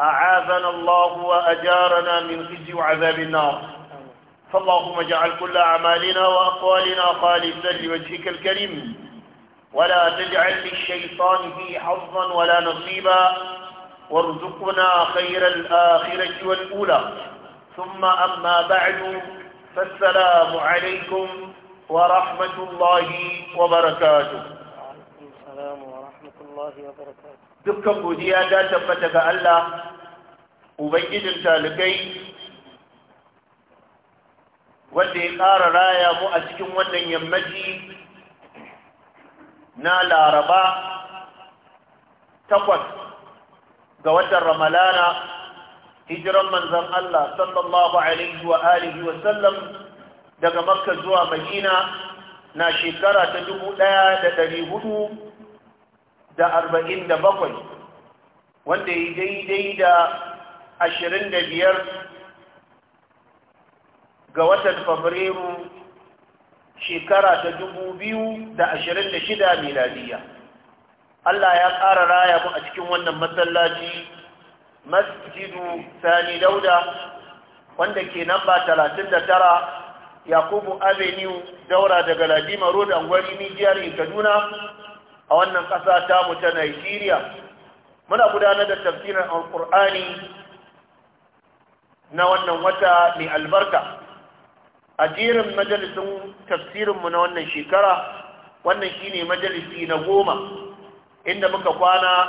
أعاذنا الله وأجارنا من خزي وعذاب النار فاللهم اجعل كل أعمالنا وأقوالنا خالصا لوجهك الكريم ولا تجعل للشيطان فيه حظا ولا نصيبا وارزقنا خير الآخرة والأولى ثم أما بعد فالسلام عليكم ورحمة الله وبركاته وعليكم السلام ورحمة الله وبركاته dukkan godiya ta tabbata ga Allah ubangijin talibai wanda ya ƙara raya mu a cikin wannan yammaci na laraba takwas ga watan ramalana hijiran manzan Allah sallallahu alaihi wa alihi wa sallam daga makka zuwa madina na shekara ta dubu ɗaya da ɗari hudu da arba'in da bakwai wanda ya daidai da ashirin da biyar ga watan fabrairu shekara ta dubu biyu da ashirin da shida miladiya Allah ya ƙara raya mu a cikin wannan masallaci masjidu sani dauda wanda ke namba talatin da tara yakubu avenue daura daga ladima road angwari nijiyar kaduna a wannan ƙasa ta mu ta Nigeria muna gudanar da tafsirin alkur'ani na wannan wata mai albarka a jerin majalisun tafsirinmu na wannan shekara wannan shine majalisi na goma inda muka kwana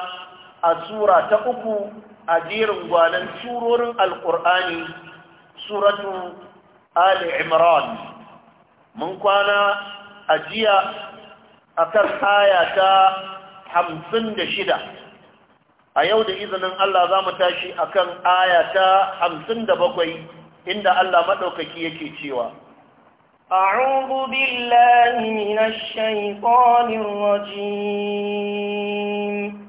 a sura ta uku a jerin gwanan surorin alkur'ani suratu ali imran mun kwana a jiya akan aya ta hamsin da shida a yau da izinin Allah za mu tashi akan aya ta hamsin da bakwai inda Allah maɗaukaki yake cewa أعوذ بالله من الشيطان الرجيم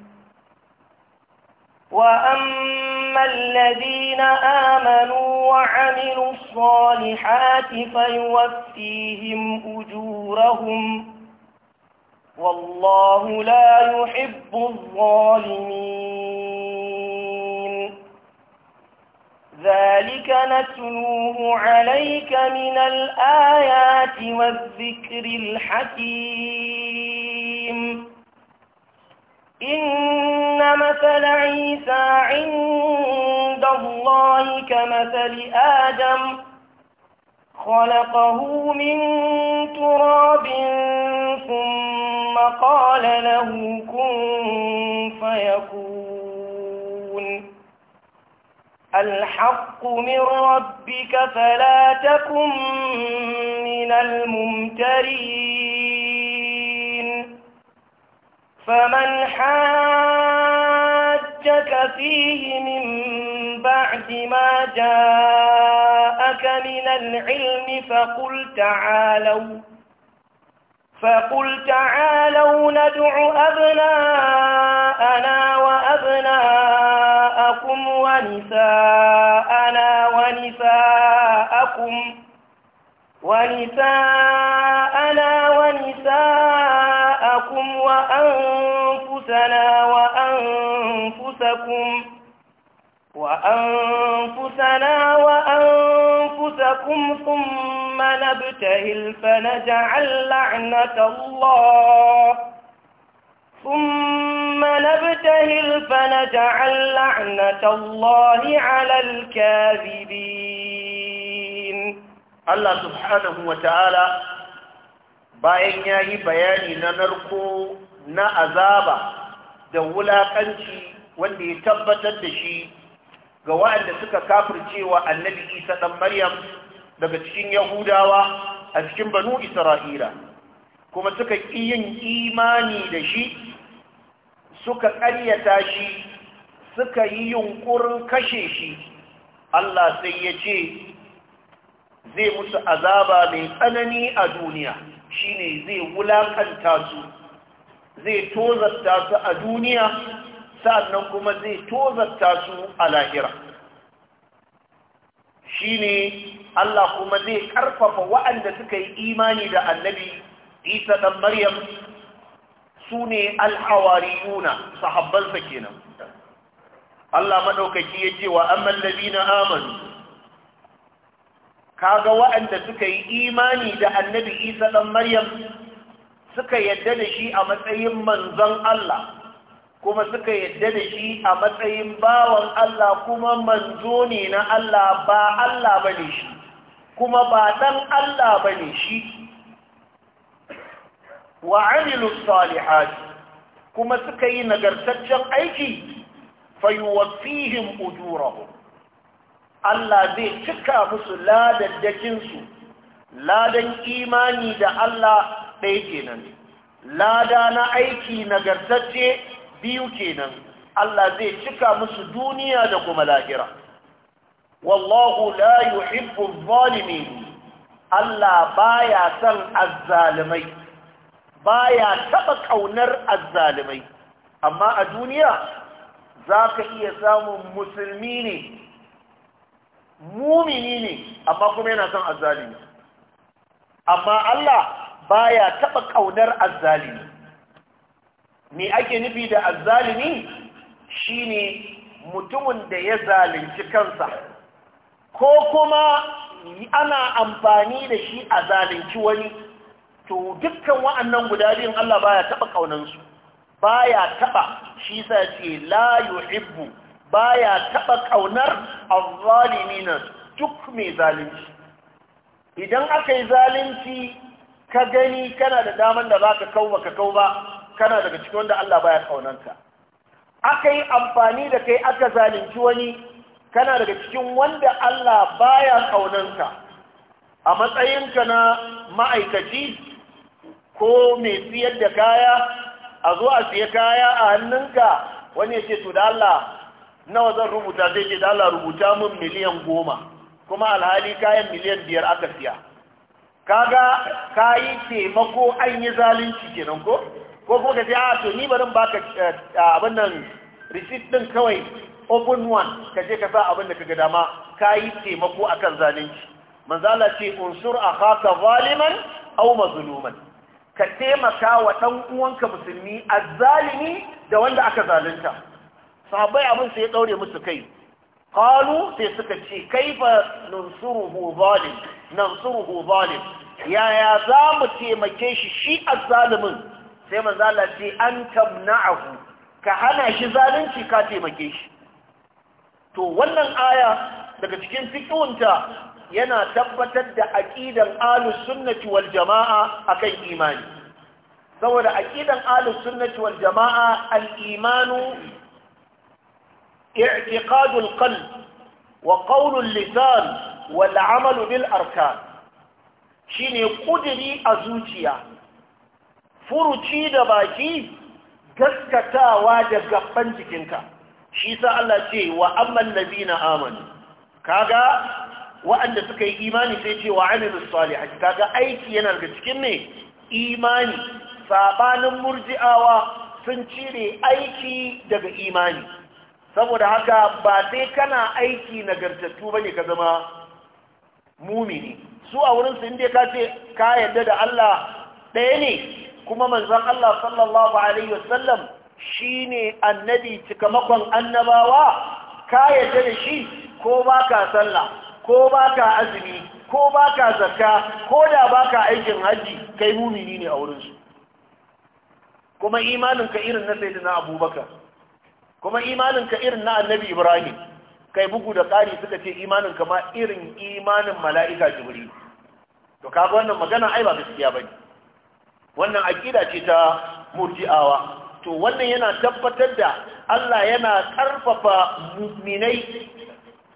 وأما الذين آمنوا وعملوا الصالحات فيوفيهم أجورهم والله لا يحب الظالمين ذلك نتلوه عليك من الآيات والذكر الحكيم إن مثل عيسى عند الله كمثل آدم خلقه من تراب فقال له كن فيكون الحق من ربك فلا تكن من الممترين فمن حاجك فيه من بعد ما جاءك من العلم فقل تعالوا فقل تعالوا ندع أبناءنا وأبناءكم ونساءنا ونساءكم ونساءنا ونساءكم وأنفسنا وأنفسكم وأنفسنا وأنفسكم ثم نبتهل فنجعل لعنة الله ثم نبتهل فنجعل لعنة الله على الكاذبين الله سبحانه وتعالى bayan ya yi bayani na narko na azaba da wulaƙanci wanda ya tabbatar da shi ga waɗanda suka kafircewa annabi isa ɗan maryam daga cikin yahudawa a cikin banu isra'ila kuma suka ƙi yin imani da shi suka ƙaryata shi suka yi yunƙurin kashe shi allah sai ya ce zai musu azaba mai tsanani a duniya shine zai wulakanta su zai tozarta su a duniya Sa'annan kuma zai tozarta su a lahira shi ne Allah kuma zai ƙarfafa waɗanda suka yi imani da annabi isa ɗan maryam su ne alhawariyuna sahabbansa kenan Allah maɗaukaki ya ce wa amman labina amanu kaga waɗanda suka yi imani da annabi isa ɗan maryam suka yadda da shi a matsayin manzon Allah kuma suka yadda da shi a matsayin bawan Allah kuma manzo ne na Allah ba Allah ba ne shi kuma ba ɗan Allah ba ne shi wa amilus salihati kuma suka yi nagartaccen aiki fayuwafihim ujurahum Allah zai cika musu su ladan imani da Allah ɗaya kenan lada na aiki nagartacce biyu kenan Allah zai cika musu duniya da kuma lahira wallahu la yuhibbu adh-dhalimin Allah baya son azzalimai baya taba kaunar azzalimai amma a duniya zaka iya samun musulmi ne mumini ne amma kuma yana son azzalimi amma Allah baya taba kaunar azzalimi me ake nufi da azzalimi shine mutumin da ya zalunci kansa ko kuma ana amfani da shi a zalunci wani to dukkan wa'annan guda biyun Allah baya taba kaunansu baya taba shi sa ce la yuhibbu baya taba kaunar azzalimina duk mai zalunci idan aka yi zalunci ka gani kana da daman da baka kau ka kau ba kana daga cikin wanda Allah baya kaunanka aka yi amfani da kai aka zalunci wani kana daga cikin wanda Allah baya kaunanka a matsayinka na ma'aikaci ko mai siyar da kaya a zo a siya kaya a hannunka wani ya ce to da Allah nawa zan rubuta zai ce da Allah rubuta min miliyan goma kuma alhali kayan miliyan biyar aka siya kaga kayi taimako an yi zalunci kenan ko ko kuma ka ce a ah, to ni barin baka eh, eh, abin nan receipt din kawai open one ka je ka sa abin da kaga dama kayi taimako akan zalunci manzo Allah ce unsur akhaka zaliman aw mazluman ka taimaka wa dan uwanka musulmi azalimi, da wanda aka zalunta sahabbai abin sai ya daure musu kai qalu sai suka ce kaifa nunsuruhu zalim nunsuruhu zalim yaya za mu taimake shi shi azzalimin sai manzo Allah ce an tamna'ahu ka hana shi zalunci ka taimake shi to wannan aya daga cikin fiqhunta yana tabbatar da aqidan ahlus sunnati wal jamaa akan imani saboda aqidan ahlus sunnati wal jamaa al imanu i'tiqadu al qalb wa qawlu al lisan wal amalu bil arkan shine kudiri a zuciya furuci da baki gaskatawa da gaban jikinka shi sa Allah ce wa amman na amanu kaga waɗanda suka yi imani sai ce wa amilus salihati kaga aiki yana daga cikin ne imani sabanin murji'awa sun cire aiki daga imani saboda haka ba sai kana aiki nagartattu ne ka zama mumini su a wurin su inda ka ce ka yarda da Allah ɗaya ne kuma manzon Allah sallallahu alaihi wasallam shine annabi cikamakon annabawa ka yarda da shi ko baka sallah ko baka azumi ko baka zakka ko da baka aikin hajji, kai mumini ne a wurin su kuma imaninka irin na na Abubakar kuma imaninka irin na annabi Ibrahim kai bugu da ƙari suka ce imaninka ma irin imanin mala'ika Jibril to kaga wannan magana ai ba gaskiya bane wannan aƙida ce ta murji'awa to wannan yana tabbatar da Allah yana ƙarfafa mu'minai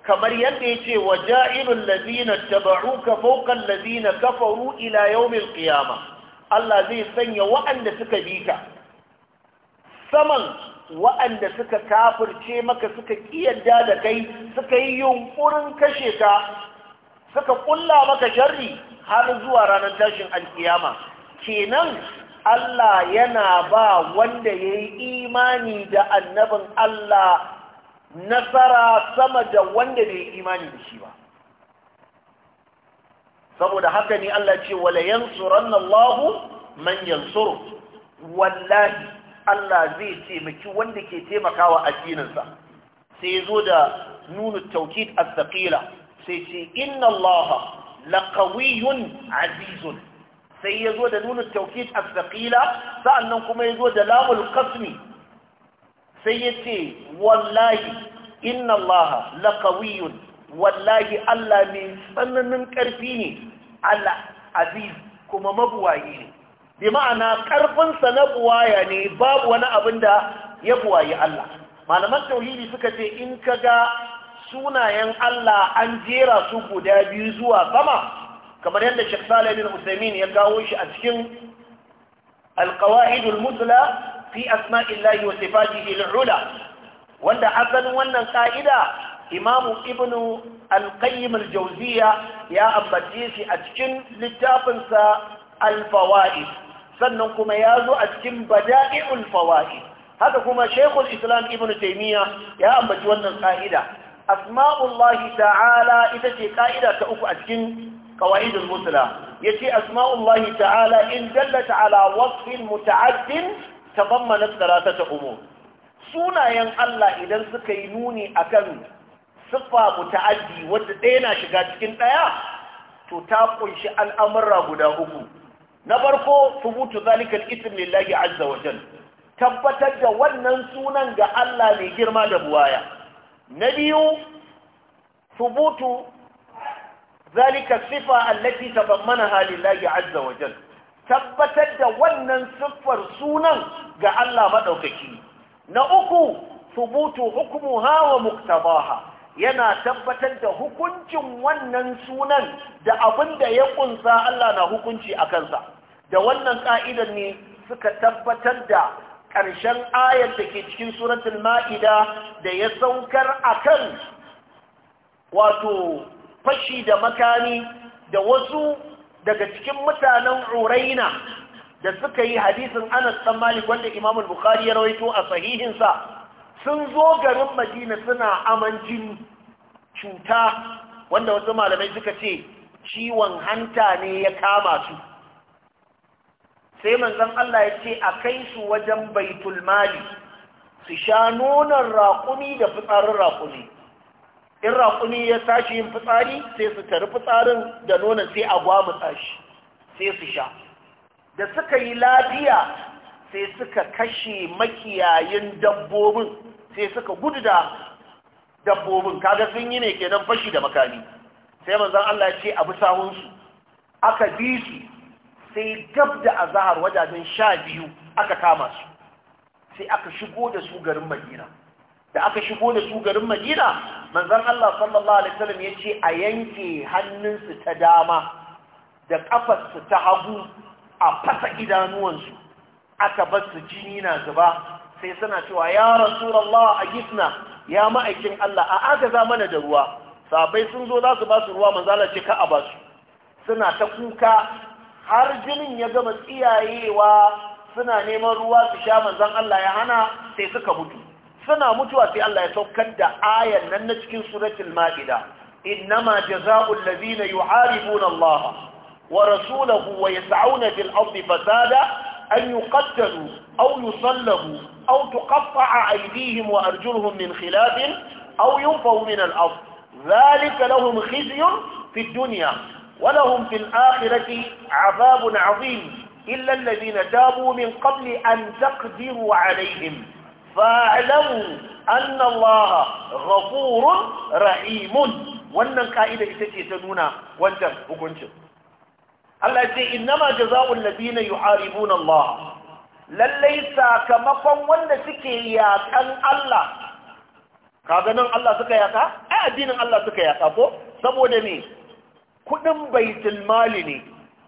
kamar yadda yace wa ja'ilul ladina tabauka fawqa alladhina kafaru ila yawmil qiyama Allah zai sanya wa'anda suka bi ka saman wa'anda suka kafirce maka suka kiyarda da kai suka yi yunkurin kashe ka suka kulla maka sharri har zuwa ranar tashin alkiyama kenan Allah yana ba wanda ya yi imani da annabin Allah nasara sama da wanda bai yi imani da shi ba saboda haka ne Allah ce wala yansuran Allah man yansuru wallahi Allah zai taimaki wanda ke taimakawa addininsa sai ya zo da nunu tawkid as sai ce inna Allah laqawiyyun azizun sai ya zo da nunin taukid a saƙila sa'annan kuma ya zo da lamul kasmi sai ya ce wallahi inna Allah laƙawiyun wallahi Allah mai tsananin ƙarfi ne Allah kuma mabuwayi ne bi ma'ana ƙarfinsa na buwaya ne babu wani abin da ya buwayi Allah malaman tauhidi suka ce in ka ga sunayen Allah an jera su guda biyu zuwa sama kamar yadda Sheikh Saleh bin Usaimin ya kawo shi a cikin Al-Qawaid fi musla fi asma'illahi wa sifatihi al wanda asalin wannan ka'ida Imam'u Ibnu Al-Qayyim ya ambace shi a cikin littafinsa al sannan kuma ya zo a cikin Bada'i'ul Fawaid haka kuma Sheikhul Islam Ibnu Taimiyya ya ambaci wannan ka'ida asma'ullahi ta'ala ita ce ka'ida ta uku a cikin قواعد المثلى يتي أسماء الله تعالى إن دلت على وصف متعد تضمنت ثلاثة أمور سونا ين الله إذا سكينوني أكن صفة متعدي ودينا شكاتكين تايا تتاقل شيء الأمر بداهم نبركو ثبوت ذلك الإثم لله عز وجل tabbatar da wannan sunan ga Allah mai girma da buwaya na biyu subutu zalika sifa allati tadammanaha lillahi azza wa jalla tabbatar da wannan siffar sunan ga Allah madaukaki na uku thubutu hukmuha wa muktabaha yana tabbatar da hukuncin wannan sunan da abin da ya kunsa Allah na hukunci a kansa da wannan ka'idar ne suka tabbatar da ƙarshen ayar da ke cikin suratul ma'ida da ya saukar akan wato fashi da makami da wasu daga cikin mutanen uraina da suka yi hadisin anas dan malik wanda imam al-bukhari ya rawaito a sahihinsa sun zo garin madina suna amincin cuta wanda wasu malamai suka ce ciwon hanta ne ya kama su sai manzon Allah ya ce a kai su wajen baitulmali su sha nonon raƙumi da fitsarin raƙumi in raƙumi ya tashi yin fitsari sai su tari fitsarin da nuna sai a gwamu tashi sai su sha da suka yi lafiya sai suka kashe makiyayin dabbobin sai suka gudu da dabbobin kaga sun yi ne kenan fashi da makami sai manzan Allah ce abu sahunsu aka bi su sai gab da azahar wajajen sha biyu aka kama su sai aka shigo da su garin madina da aka shigo da su garin madina manzan Allah sallallahu alaihi wasallam ya ce a yanke hannunsu ta dama da ƙafarsu ta hagu a fasa idanuwansu aka bar jini na zuba sai suna cewa ya rasulallah a gisna ya ma'aikin Allah a agaza mana da ruwa sabai sun zo za su ba ruwa manzala ce ka a basu. suna ta kuka har jinin ya gama tsiyayewa suna neman ruwa su sha manzan Allah ya hana sai suka mutu suna mutuwa sai Allah ya saukar da ayan nan na cikin suratul ma'ida innama jazaa'ul ladina yu'aribuna Allah wa rasulahu wa yas'auna fil ardi fasada an yuqattalu aw yusallabu aw tuqatta'a aydihim wa arjuluhum min khilaf aw yunfaw min al ard dhalika lahum khizyun fid dunya wa lahum fil akhirati 'adhabun 'azim illa alladhina tabu min qabli an taqdiru 'alayhim fa'lamu anna Allah ghafurun rahimun wannan ka'ida ita ce ta nuna wancan hukuncin Allah ce innama jazaa'ul ladina yuharibuna Allah lallai sakamakon wanda suke yakan Allah kaga nan Allah suka yaka ai addinin Allah suka yaka ko saboda me kudin baitul mali ne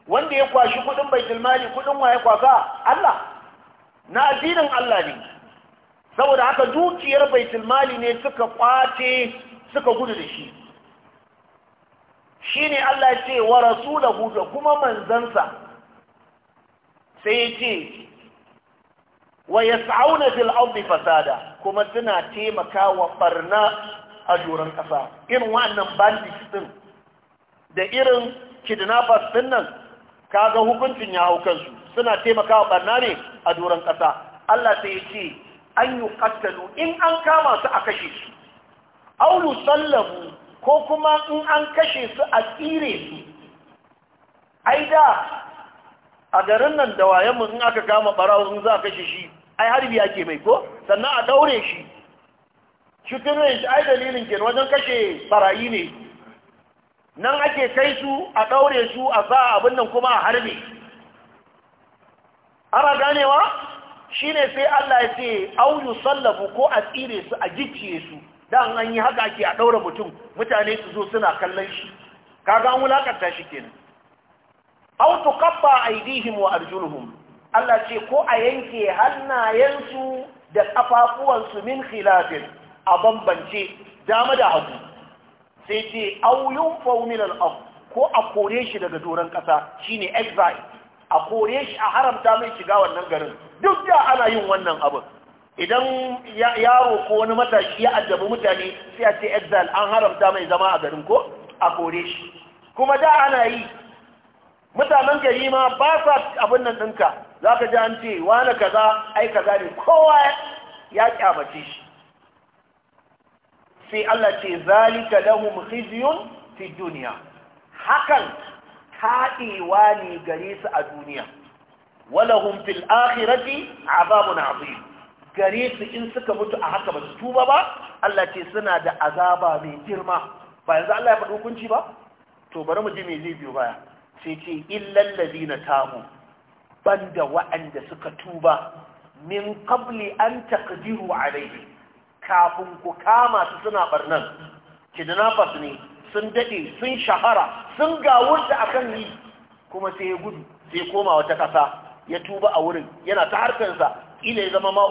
wanda ya kwashi kudin baitul mali kudin waye kwaka Allah na addinin Allah ne saboda haka dukiyar baitul mali ne suka kwace suka gudu da shi Shi ne Allah ce wa rasulahu da kuma manzansa sai ya ce wa yas'auna fil ardi fasada kuma suna taimakawa barna a doron kasa irin wannan bandits din da irin kidnappers din nan kaga hukuncin ya hau kansu suna taimakawa barna ne a doron kasa Allah sai ya ce an yi kattalu in an kama su a kashe su aulu sallabu ko kuma in an kashe su a tsire su ai da a garin nan da wayanmu in aka kama barawun za a kashe shi ai harbi yake mai ko sannan a daure shi shooting shi ai dalilin ke wajen kashe barayi ne nan ake kai su a daure su a sa abin nan kuma a harbe ana ganewa shine sai Allah ya ce au sallafu ko a tsire su a gicciye su dan an yi haka ake a ɗaura mutum mutane su zo suna kallon shi kaga an wulakanta shi kenan au tuqaffa aydihim wa arjuluhum Allah ce ko a yanke hannayensu da kafafuwansu min khilafin a bambance dama da hagu sai ce au yunfa min ko a kore shi daga doron ƙasa shine exile a kore shi a haramta mai shiga wannan garin duk da ana yin wannan abin idan yaro ko wani matashi ya addabi mutane sai a ce exile an haramta mai zama a garin ko a kore shi kuma da ana yi mutanen gari ma ba sa abin nan ɗinka za ka ji an ce wani kaza ai kaza ne kowa ya kyamace shi sai Allah ce zalika lahum khizyun fi duniya hakan kaɗewa ne gare su a duniya walahum fil akhirati azabun azim gare su in suka mutu a haka ba su tuba ba Allah ce suna da azaba mai girma ba yanzu Allah ya faɗi hukunci ba to bari mu ji me zai biyo baya sai ce illal ladina tabu banda wa'anda suka tuba min qabli an taqdiru alayhi kafin ku kama su suna barnan kidnappers ne sun daɗe sun shahara sun gawurta a kan yi kuma sai ya gudu sai koma wata ƙasa ya tuba a wurin yana ta harkarsa ƙila ya zama ma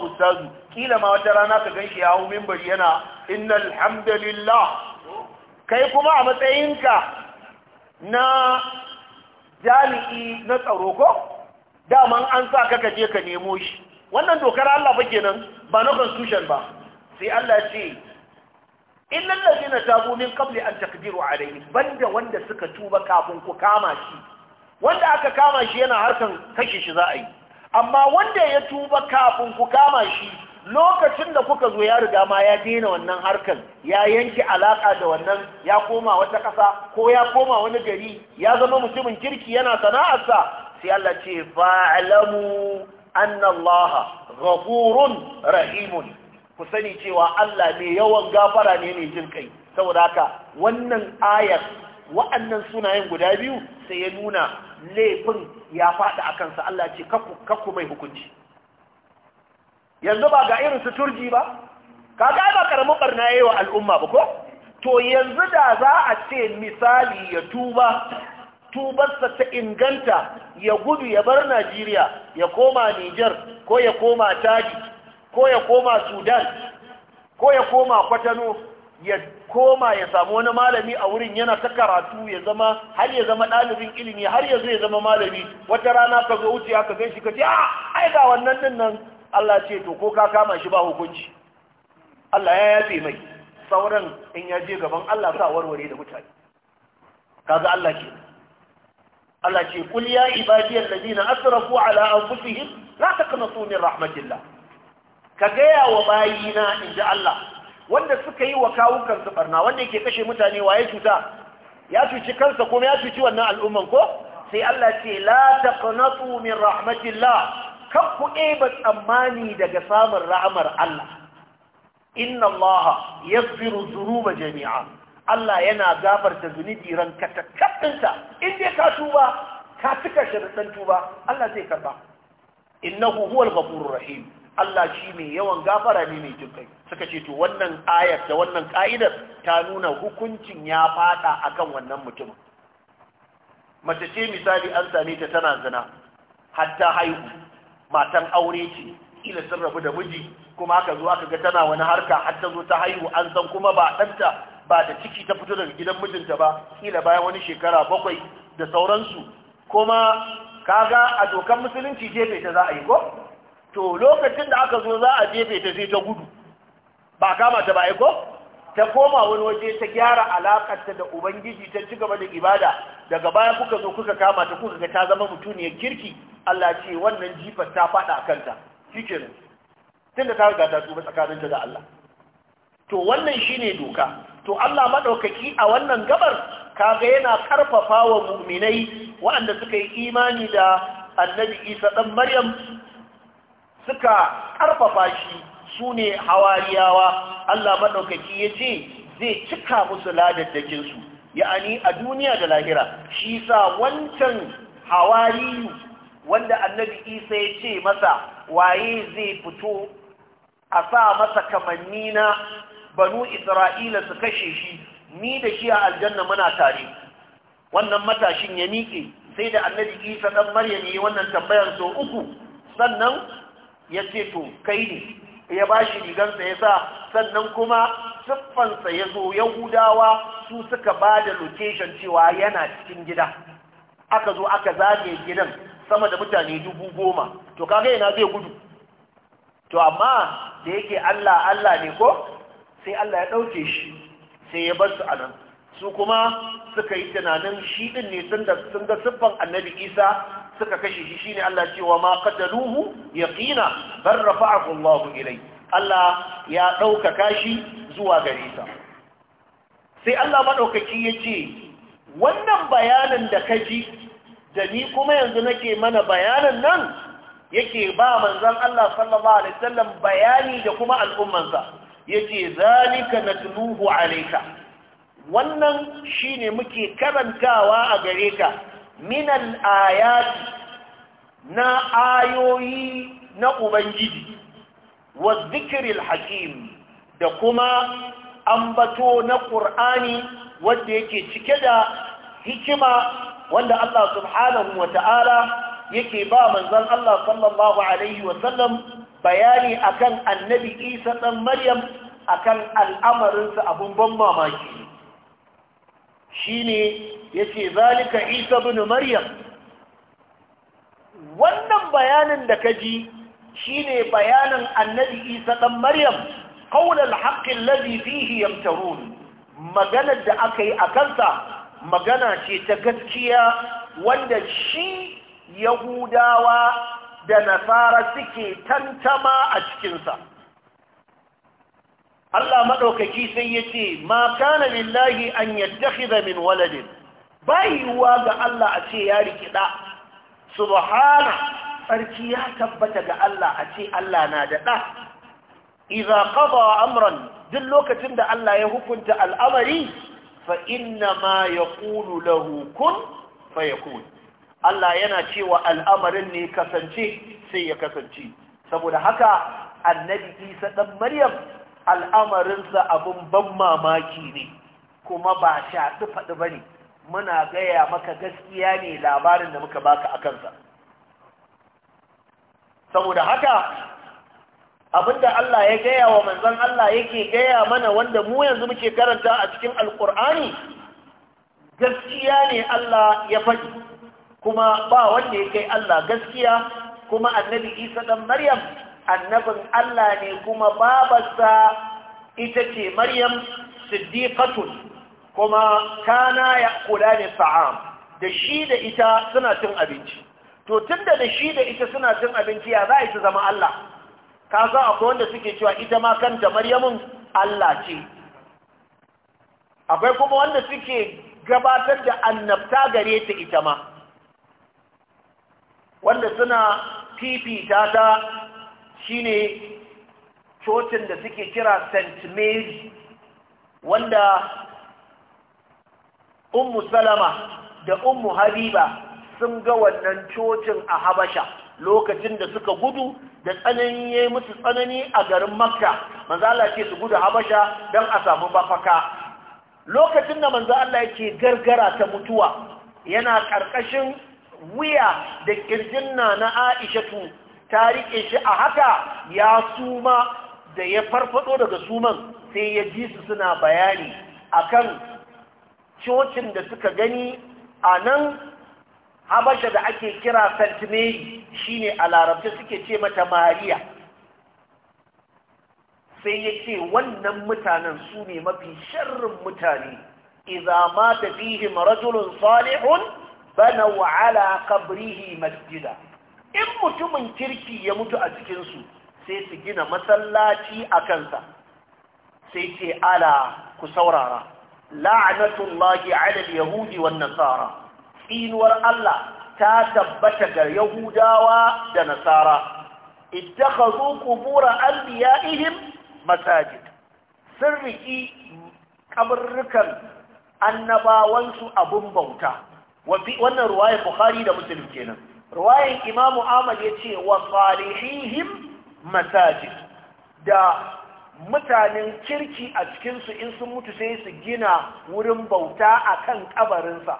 ƙila ma wata rana ka gan shi ya hau mimbar yana inna alhamdulillah kai kuma a matsayinka na jami'i na tsaro ko daman an sa ka kaje ka nemo shi wannan dokar Allah ba kenan ba na constitution ba sai Allah ce illal ladina tabu min qabli an taqdiru alayhi banda wanda suka tuba kafin ku kama shi wanda aka kama shi yana harkan kashi shi za a yi amma wanda ya tuba kafin ku kama shi lokacin da kuka zo ya riga ma ya daina wannan harkan ya yanke alaƙa da wannan ya koma wata ƙasa, ko ya koma wani gari ya zama mutumin kirki yana sana'arsa sa. Allah ce fa'lamu anna Allah rahimun ku sani cewa Allah ne yawan gafara ne mai jin kai saboda haka wannan ayar wa'annan sunayen guda biyu sai ya nuna laifin ya faɗi a kansa Allah ce kakku mai hukunci yanzu ba ga irin su turji ba ka ga ba karamin barna yi wa al'umma ba ko to yanzu da za a ce misali ya tuba tubarsa ta inganta ya gudu ya bar Najeriya ya koma Nijar ko ya koma tajik ko ya koma sudan ko ya koma kwatano ya koma ya samu wani malami a wurin yana ta karatu ya zama har ya zama ɗalibin ilimi har ya zai zama malami wata rana ka zo wuce aka gan shi ka ce a ah, ai ga wannan din nan Allah ce to ko ka kama shi ba hukunci Allah ya yafe mai sauran in ya je gaban Allah sa warware da mutane kaga Allah ke Allah ce kul ya ibadiyal ladina asrafu ala anfusihim la taqnatu min rahmatillah ka gaya wa bayina in ji Allah wanda suka yi wa kawukan su barna wanda yake kashe mutane waye cuta ya cuci kansa kuma ya cuci wannan al'umman ko sai Allah ce la taqnatu min rahmatillah kan ku ba tsammani daga samun rahmar Allah inna Allah yaghfiru dhunuba jami'a Allah yana gafarta zunubi ran katakaddinsa in dai ka tuba ka tuka shirdan tuba Allah zai karba innahu huwal ghafurur rahim Allah shi mai yawan gafara ne mai jin kai suka ce to wannan ayar da wannan ka'idar ta nuna hukuncin ya fada akan wannan mutum mace ce misali an same ta tana zina hatta haihu matan aure ce ƙila sun rabu da miji kuma aka zo aka ga tana wani harka har zo ta haihu an san kuma ba ɗanta ba da ciki ta fito daga gidan mijinta ba Ƙila bayan wani shekara bakwai da sauransu kuma kaga a dokan musulunci jefe ta za a yi ko to lokacin da aka zo za a jefe ta sai ta gudu ba kama ta ba ko? ta koma wani waje ta gyara alakarta da ubangiji ta ci gaba da ibada daga baya kuka zo kuka kama ta kuka ga ta zama mutuniyar kirki Allah ce wannan jifar ta faɗa a kanta tun tunda ta riga ta tuba tsakaninta da Allah to wannan shine doka to Allah madaukaki a wannan gabar kaga yana karfafa wa mu'minai wa'anda suka yi imani da Annabi Isa dan Maryam suka ƙarfafa shi su ne hawariyawa Allah maɗaukaki ya ce zai cika musu ladaddakinsu ya'ani a duniya da lahira shi sa wancan hawariyu wanda annabi isa ya ce masa waye zai fito a sa masa kamanni na banu isra'ila su kashe shi ni da shi a aljanna muna tare wannan matashin ya miƙe sai da annabi isa ɗan maryam yi wannan tambayar sau uku sannan ya ce to kai ne ya ba shi rigansa ya sa sannan kuma siffansa ya zo yahudawa su suka ba da location cewa yana cikin gida aka zo aka zage gidan sama da mutane dubu goma to kaga yana zai gudu to amma da yake Allah Allah ne ko sai Allah ya ɗauke shi sai ya bar su a nan su kuma suka yi tunanin shi ɗin ne sun ga siffan annabi isa suka kashe shi shine Allah cewa ma qataluhu yaqina bar rafa'ahu Allah ilai Allah ya dauka kashi zuwa gare sa sai Allah madaukaki yace wannan bayanin da kaji da ni kuma yanzu nake mana bayanin nan yake ba manzon Allah sallallahu alaihi wasallam bayani da kuma al'ummansa yace zalika natluhu alayka wannan shine muke karantawa a gare ka min al-ayati na ayoyi na ubangiji wa zikirin hakim da kuma ambato na ƙur'ani wanda yake cike da hikima wanda Allah subhanahu Ta'ala yake ba manzon Allah sallallahu alaihi wa sallam bayani akan annabi Isa ɗan Maryam akan al'amarinsa abin ban mamaki shine yace zalika isa ibn maryam wannan bayanin da kaji shine bayanin annabi isa dan maryam qawl al-haqq alladhi fihi yamtarun maganar da a kansa magana ce ta gaskiya wanda shi yahudawa da nasara suke tantama a cikinsa Allah maɗaukaki sai ya ce ma kana lillahi an yadda min waladin bai yiwuwa ga Allah a ce ya rikida subhana sarki ya tabbata ga Allah a ce Allah na da ɗa idza qada amran duk lokacin da Allah ya hukunta al'amari fa inna ma yaqulu lahu kun fayakun Allah yana cewa al'amarin ne kasance sai ya kasance saboda haka annabi Isa dan Maryam al'amarinsa abun ban mamaki ne kuma ba sha faɗi bane muna gaya maka gaskiya ne labarin da muka baka a kansa saboda haka abinda Allah ya gaya wa manzon Allah yake gaya mana wanda mu yanzu muke karanta a cikin alkur'ani gaskiya ne Allah ya faɗi kuma ba wanda ya kai Allah gaskiya kuma annabi Isa ɗan Maryam annabin Allah ne kuma babarsa ita ce Maryam siddiqatun kuma kana ya kula ne sa'am da shi da ita suna cin abinci to tun da shi da ita suna cin abinci ya za a su zama Allah ka za akwai wanda suke cewa ita ma kanta maryamun Allah ce akwai kuma wanda suke gabatar da annabta gare ta ita ma wanda suna fifita ta shine cocin da suke kira St. Mary wanda ummu salama da ummu habiba sun ga wannan cocin a habasha lokacin da suka gudu da tsanani ya musu tsanani a garin makka manzala ce su gudu habasha don a samu mafaka lokacin da manzo Allah yake gargara ta mutuwa yana ƙarƙashin wuya da ƙirjin na na aishatu ta riƙe shi a haka ya suma da ya farfado daga suman sai ya ji su suna bayani akan cocin da suka gani a nan habasha da ake kira st shi ne a larabta suke ce mata mariya sai ya ce wannan mutanen su ne mafi sharrin mutane iza ma ta fihim rajulun salihun bana wa'ala kabrihi masjida in mutumin kirki ya mutu a cikinsu sai su gina masallaci a kansa sai ce ala ku saurara la'anatullahi ala al-yahudi wan nasara Tsinuwar Allah ta tabbata ga yahudawa da nasara ittakhadhu qubur anbiya'ihim masajid sirriki kaburrukan annabawansu abun bauta wannan ruwayar bukhari da muslim kenan ruwayar imamu ahmad yace wa salihihim masajid da mutanen kirki a cikinsu in sun mutu sai su gina wurin bauta a kan ƙabarinsa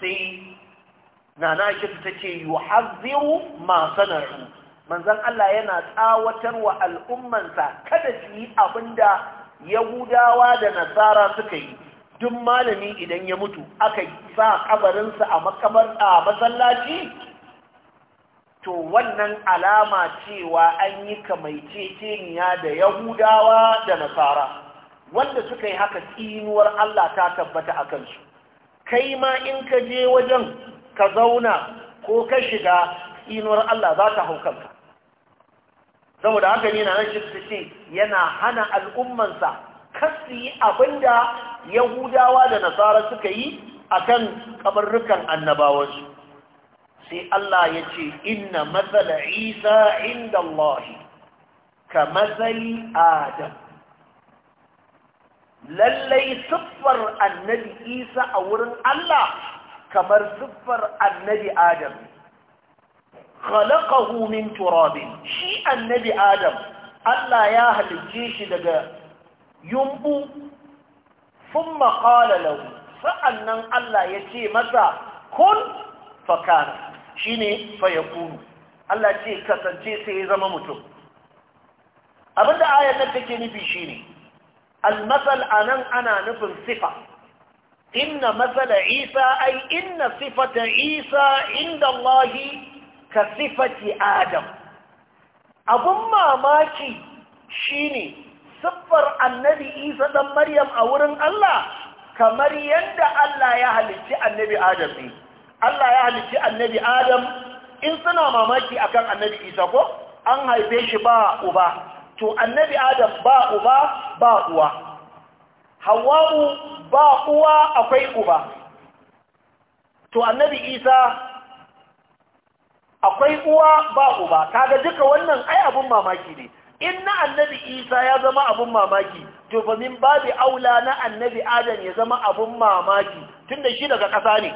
sai nana kitu ta ce yi haziru masu narku manzan Allah yana tsawatar wa al'ummansa kada su yi abin da yahudawa da nasara suka yi duk malami idan ya mutu aka sa ƙabarinsa a masallaci to wannan alama cewa an yi kamaiceceniya da yahudawa da nasara wanda suka yi haka tsinuwar Allah ta tabbata a kansu kai ma in ka je wajen ka zauna ko ka shiga tsinuwar Allah za ta hau kanka saboda haka ne na rashin su ce yana hana al'ummansa kasu yi abinda yahudawa da nasara suka yi akan kabarrukan annabawansu sai Allah ya ce inna matsala isa inda Allahi ka matsayi adam lallai siffar annabi isa a wurin Allah kamar siffar annabi adam khalaqahu min turabin shi annabi adam Allah ya halicce shi daga yumbu thumma qala lahu sa'annan Allah ya ce masa kun fakana shine fa yakunu Allah ce kasance sai ya zama mutum abinda ayar take nufi shine al a anan ana nufin sifa inna masala isa ai inna sifata isa inda Allah ka sifati adam abun mamaki shine siffar annabi isa dan maryam a wurin Allah kamar yadda Allah ya halicci annabi adam ne Allah ya halicci annabi Adam in suna mamaki akan annabi Isa ko an haife shi ba uba to annabi Adam ba uba ba uwa Hawwa'u ba uwa akwai uba to annabi Isa akwai uwa ba uba kaga duka wannan ai abun mamaki ne in na annabi Isa ya zama abun mamaki to fa min babi aula na annabi Adam ya zama abun mamaki tunda shi daga ƙasa ne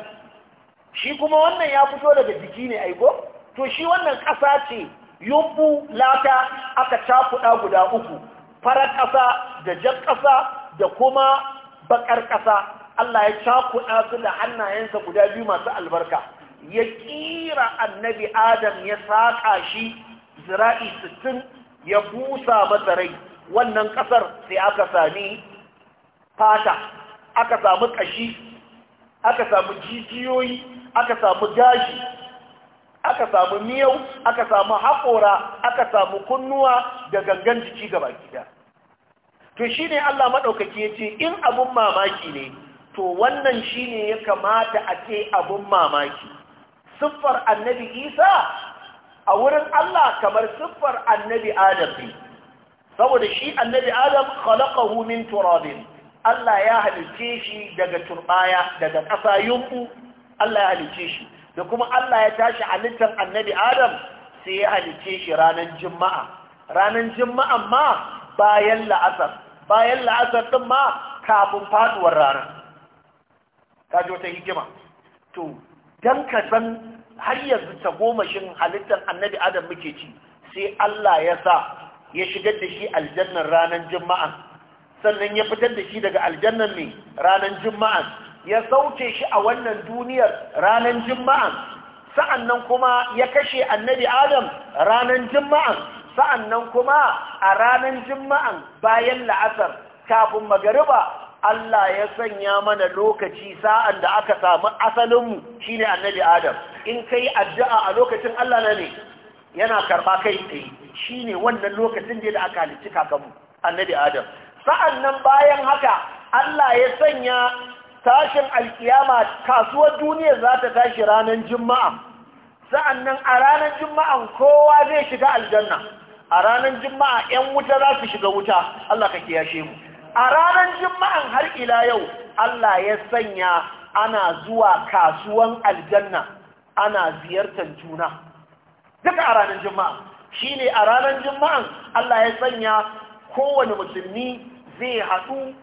shi kuma wannan ya fito daga jiki ne aiko to shi wannan ƙasa ce yumbu lata aka cakuɗa guda uku farar ƙasa da jan ƙasa da kuma bakar ƙasa Allah ya cakuɗa su da hannayensa guda biyu masu albarka ya ƙira annabi adam ya saƙa shi zira'i sittin ya busa masa rai wannan ƙasar sai aka sami fata aka samu ƙashi aka sami jijiyoyi aka samu gashi aka samu miyau aka samu haƙora aka samu kunnuwa da gangan jiki gaba gida to shi ne Allah maɗaukaki ya in abun mamaki ne to wannan shi ne ya kamata a ce abun mamaki siffar annabi isa a wurin Allah kamar siffar annabi adam ne saboda shi annabi adam khalaqahu min turabin Allah ya halice shi daga turbaya daga ƙasa Allah ya halice shi da kuma Allah ya tashi halittar annabi Adam sai ya halice shi ranar Juma'a ranar Juma'a ma bayan la'asar bayan la'asar ɗin ma kafin faduwar ranar ka ji wata hikima to dan ka san har yanzu ta goma shi halittar annabi Adam muke ci sai Allah ya sa ya shigar da shi aljannar ranar Juma'a sannan ya fitar da shi daga aljannar ne ranar Juma'a ya sauke shi a wannan duniyar ranar jima'an sa'annan kuma ya kashe annabi adam ranar jima'an sa'annan kuma a ranar jima'an bayan la'asar kafin magariba Allah ya sanya mana lokaci sa'an da aka samu asalinmu shi ne annabi Adam, in ka yi addu'a a lokacin Allah na ne yana karɓa kai tsaye shi ne wannan lokacin da aka halittu kakanmu annabi Adam. Sa'an nan bayan haka Allah ya sanya tashin alkiyama kasuwar duniya za ta tashi ranar juma'a sa'annan a ranar juma'a kowa zai shiga aljanna a ranar juma'a 'yan wuta za su shiga wuta Allah ka yashe mu a ranar juma'a har ila yau Allah ya sanya ana zuwa kasuwan aljanna ana ziyartar juna duka a ranar juma'a shine a ranar juma'a Allah ya sanya kowane musulmi zai haɗu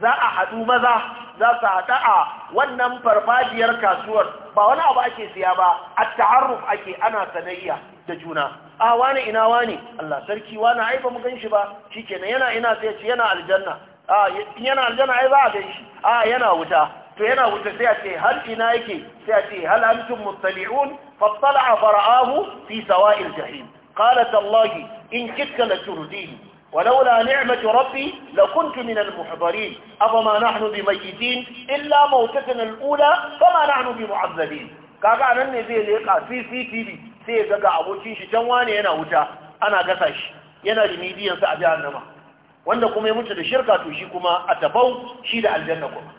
za a haɗu maza za su haɗa a wannan farfajiyar kasuwar ba wani abu ake siya ba a ta'arruf ake ana sanayya da juna a wani ina wani Allah sarki wani ai ba mu ganshi ba shikenan yana ina sai ce yana aljanna a yana aljanna ai za a ganshi a yana wuta to yana wuta sai a ce hal ina yake sai a ce hal antum mustali'un fattala fara'ahu fi sawa'il jahim qalat allahi in kitka la turdini ولولا نعمة ربي لكنت من المحضرين أفما نحن بميتين إلا موتتنا الأولى فما نحن بمعذبين كاكا أنا نزي ليقع سي سي تي بي سي كاكا أبو تشيش جواني أنا وجا أنا قسش ينا رميديا سأجا النما وأن كم يموت الشركة تشيكما أتبو شيد الجنة كما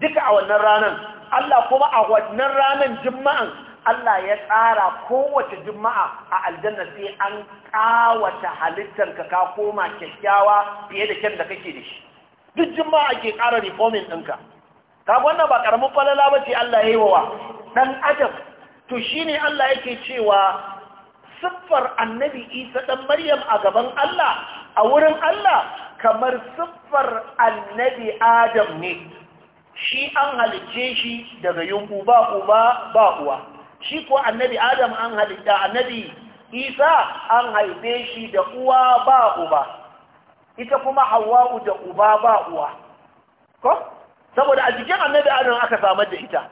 دك أو النرانا الله كما أو النرانا جمعا Allah ya tsara kowace juma'a a aljanna sai an kawata halittar ka ka koma kyakkyawa fiye da kyan da kake da shi duk juma'a ke ƙara reforming ɗinka ka wannan ba ƙaramin falala ba ce Allah ya yi wa Dan adam to shine Allah yake cewa siffar annabi isa ɗan maryam a gaban Allah a wurin Allah kamar siffar annabi adam ne shi an halicce shi daga yunku ba uba ba uwa shi ko annabi adam an halitta annabi isa an haife shi da uwa ba uba ita kuma hawa'u da uba ba uwa ko saboda a jikin annabi adam aka samar da ita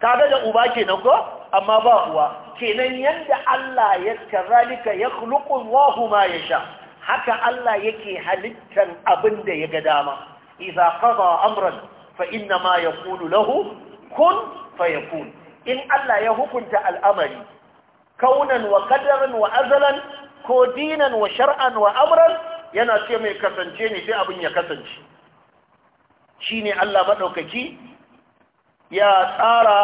kaga da uba kenan ko amma ba uwa kenan yanda Allah ya karalika ya khluqu Allahu ma yasha haka Allah yake halittar abinda ya ga dama idza qada amran fa inna ma yaqulu lahu kun fayakun in Allah ya hukunta al'amari kaunan wa kadarin wa azalan ko dinan wa shar'an wa amuran, yana ce mai kasance ne sai abin ya kasance shi ne Allah maɗaukaki ya tsara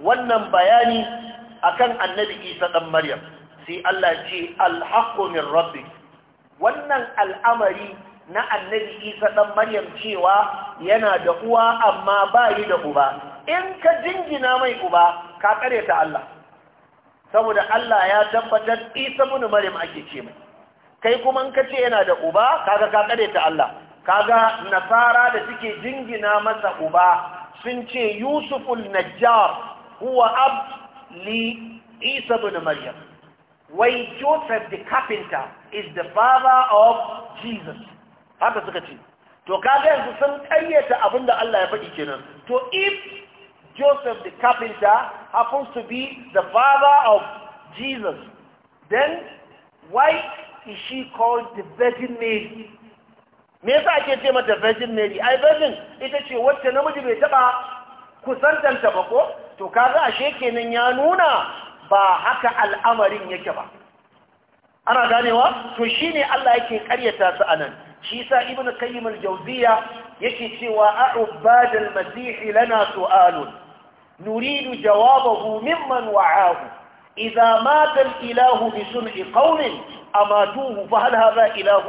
wannan bayani akan annabi isa ɗan maryam sai Allah ce alhaƙo min rabbi wannan al'amari na annabi isa ɗan maryam cewa yana da uwa amma ba yi da uba in ka jingina mai uba ka kare ta Allah saboda Allah ya tabbatar Isa ibn Maryam ake ce mai kai kuma in ka ce yana da uba kaga ka kare ta Allah kaga nasara da suke jingina masa uba sun ce Yusuful Najjar huwa ab li Isa ibn Maryam wai Joseph the carpenter is the father of Jesus haka suka ce to kaga yanzu sun kayyata abinda Allah ya faɗi kenan to if Joseph the carpenter happens to be the father of Jesus, then why is she called the Virgin Mary? Me yasa ake ce mata Virgin Mary? Ai Virgin ita ce wacce namiji bai taba kusantanta ba ko? To kaga ashe kenan ya nuna ba haka al'amarin yake ba. Ana ganewa? To shine Allah yake karyata su anan. Shi yasa Ibn Qayyim al jawziya يكي سوى عباد المسيح لنا سؤال نريد جوابه ممن وعاه إذا مات الإله بسمع قوم أماتوه فهل هذا إله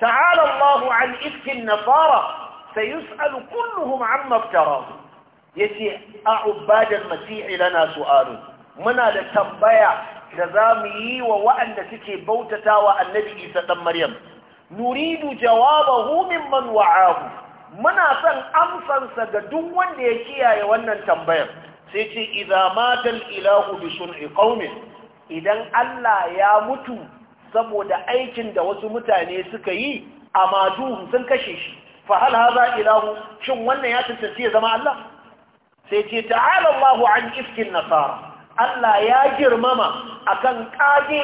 تعالى الله عن إذك النصارى سيسأل كلهم عما افتراه يكي عباد المسيح لنا سؤال منا لتنبيع كذامي وأن تكي بوتتا وأن نبي إيسا مريم nuridu jawabahu mimman wa'ahu muna son amsansa ga duk wanda ya kiyaye wannan tambayar sai ce idza ilahu bi sun'i qaumin idan Allah ya mutu saboda aikin da wasu mutane suka yi amadu sun kashe shi fa hal hadha ilahu shin wannan ya tantance ya zama Allah sai ce ta'ala Allahu an iskin nasara Allah ya girmama akan kage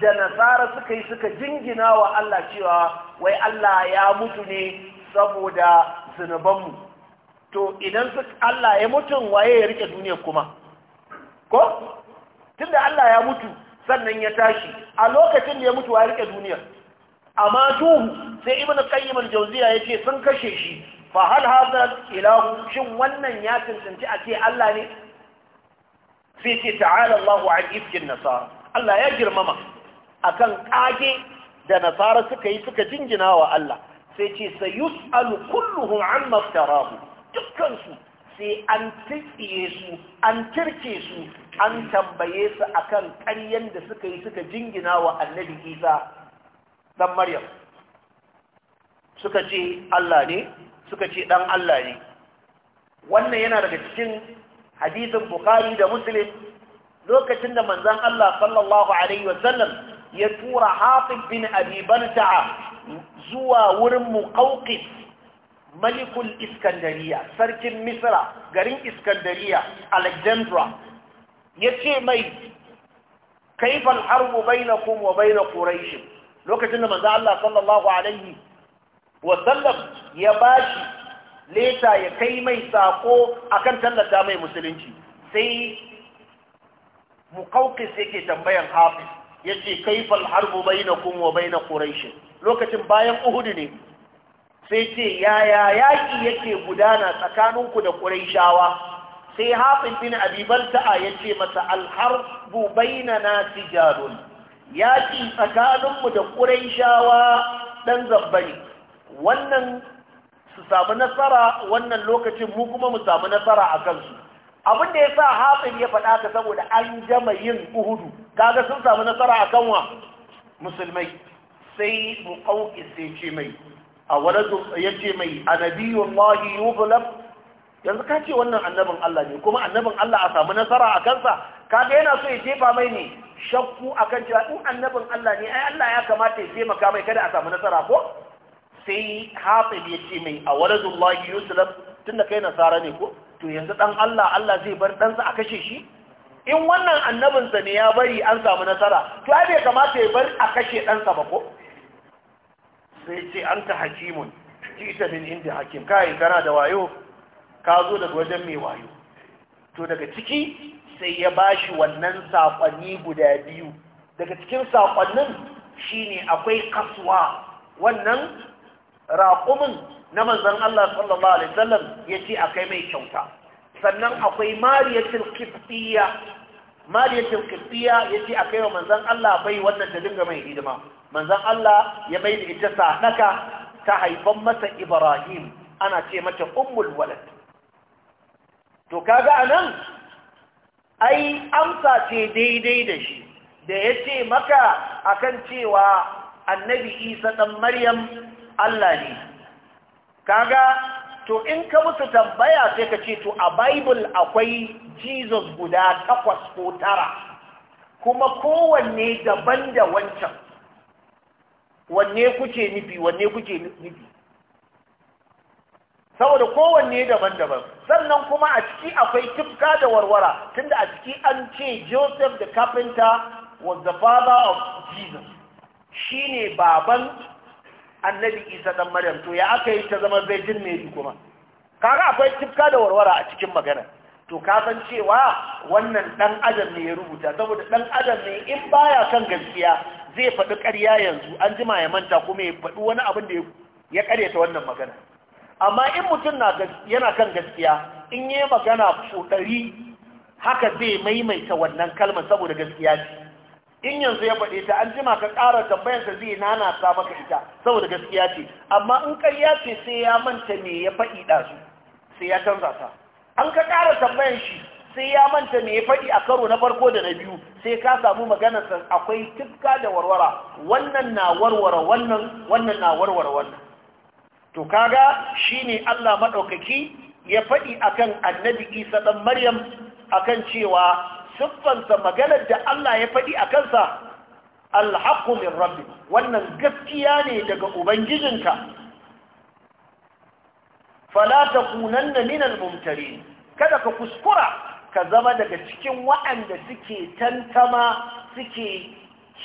da nasara suka yi suka jingina wa Allah cewa wai Allah ya mutu ne saboda zunubanmu to idan Allah ya mutu waye ya rike duniyar kuma ko tunda Allah ya mutu sannan ya tashi a lokacin da ya mutu waye rike duniyar amma tuhu sai ibnu qayyim al-jawziya yace sun kashe shi fa hal hadha ilahu shin wannan ya tantance a Allah ne sai ce ta'ala Allahu an nasara Allah ya girmama akan kage da nasara suka yi suka jingina wa Allah sai ce sayus'alu kulluhum amma tarahu dukkan su sai an tsiye su an tirke su an tambaye su akan ƙaryen da suka yi suka jingina wa annabi Isa dan Maryam suka ce Allah ne suka ce dan Allah ne wannan yana daga cikin hadisin Bukhari da Muslim lokacin da manzon Allah sallallahu alaihi wasallam ya tura hafiz bin abibarta zuwa wurin muƙauƙis malikul iskandariya sarkin misra garin iskandariya alexandra ya ce mai kaifal harbu bainakum wa baina ƙorashin? lokacin da manzo Allah sallallahu alaihi wa sallam ya bashi leta ya kai mai sako akan tallata mai musulunci sai muqawqis yake tambayan hafiz yace kaifal harbu bainakum wa bain quraish lokacin bayan Uhudu ne sai ce yaya yaki yake gudana tsakaninku da quraishawa sai hafin bin abi ce yace masa al na bainana tijarun yaki tsakaninmu da quraishawa dan zabbani wannan su samu nasara wannan lokacin mu kuma mu samu nasara a kansu abin da ya sa hafin ya faɗa ka saboda an gama yin uhudu kaga sun samu nasara akan wa musulmai sai mu kauki sai ce mai a wani ya ce mai a anabiyullahi yughlab yanzu ka ce wannan annabin Allah ne kuma annabin Allah a samu nasara a kansa kaga yana so ya jefa mai ne shakku kan cewa in annabin Allah ne ai Allah ya kamata ya taimaka mai kada a samu nasara ko sai hafiz ya ce mai a wani waladullahi tun tunda kai nasara ne ko to yanzu dan Allah Allah zai bar ɗansa a kashe shi in wannan annabinsa ne ya bari an samu nasara to ya bai kamata ya bar a kashe ɗansa ba ko sai ce an ta hakimun jita min inda hakim kayan kana da wayo ka zo daga wajen mai wayo to daga ciki sai ya ba shi wannan saƙonni guda biyu daga cikin saƙonnin shi ne akwai kasuwa wannan raƙumin na manzan Allah sallallahu alaihi wasallam a akai mai kyauta sannan akwai mariyar qibtiyya mali ya qibtiya yace akai wa manzon Allah bai wannan ta dinga mai hidima manzon Allah ya bai da ita "Sanaka, ta haifan masa Ibrahim ana ce mata ummul walad to kaga anan ai amsa ce daidai da shi da yace maka akan cewa annabi Isa dan Maryam Allah ne kaga to in ka musu tambaya sai ka ce to a bible akwai jesus guda takwas ko tara kuma kowanne daban da wancan wanne kuke nufi wanne kuke nufi saboda kowanne daban-daban sannan kuma a ciki akwai tufka da warwara tunda a ciki an ce joseph the carpenter was the father of jesus shine baban annabi isa dan maryam to ya aka yi ta zama virgin mary kuma kaga akwai tifka da warwara a cikin magana to ka san cewa wannan dan adam ne ya rubuta saboda dan adam ne in baya kan gaskiya zai faɗi ƙarya yanzu an jima ya manta kuma ya faɗi wani abin da ya ta wannan magana amma in mutum yana kan gaskiya in yi magana so haka zai maimaita wannan kalmar saboda gaskiya ce in yanzu ya faɗe ta an jima ka ƙara tambayarsa zai nana ta maka ita saboda gaskiya ce amma in ƙarya ce sai ya manta me ya faɗi ɗazu sai ya canza ta an ka ƙara tambayar shi sai ya manta me ya faɗi a karo na farko da na biyu sai ka samu maganarsa akwai tukka da warwara wannan na warware wannan wannan na warware wannan to kaga shine Allah maɗaukaki ya faɗi akan annabi Isa ɗan Maryam akan cewa siffansa maganar da Allah ya faɗi a kansa alhaqqu rabbi wannan gaskiya ne daga ubangijinka fala takunanna min almumtarin kada ka kuskura ka zama daga cikin waɗanda suke tantama suke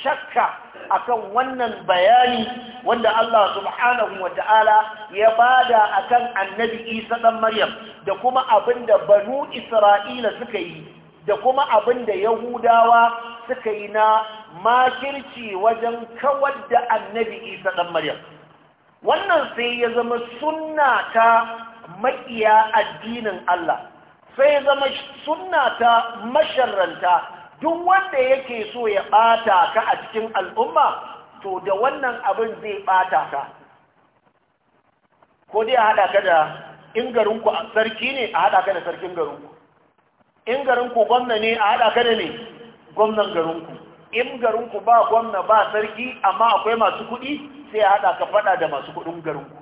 shakka akan wannan bayani wanda Allah subhanahu wata'ala ya bada akan annabi Isa dan Maryam da kuma abinda banu Isra'ila suka yi da kuma abin da yahudawa suka yi na makirci wajen kawar da annabi isa ɗan maryam wannan sai ya zama suna ta maƙiya addinin allah sai ya zama suna ta masharanta duk wanda yake so ya ɓata ka a cikin al'umma to da wannan abin zai ɓata ka ko dai a haɗa ka da in garinku a sarki ne a haɗa ka da sarkin garinku in garinku gwamna ne a haɗa kada ne gwamnan garinku in garinku ba gwamna ba sarki amma akwai masu kuɗi sai a haɗa ka faɗa da masu kuɗin garinku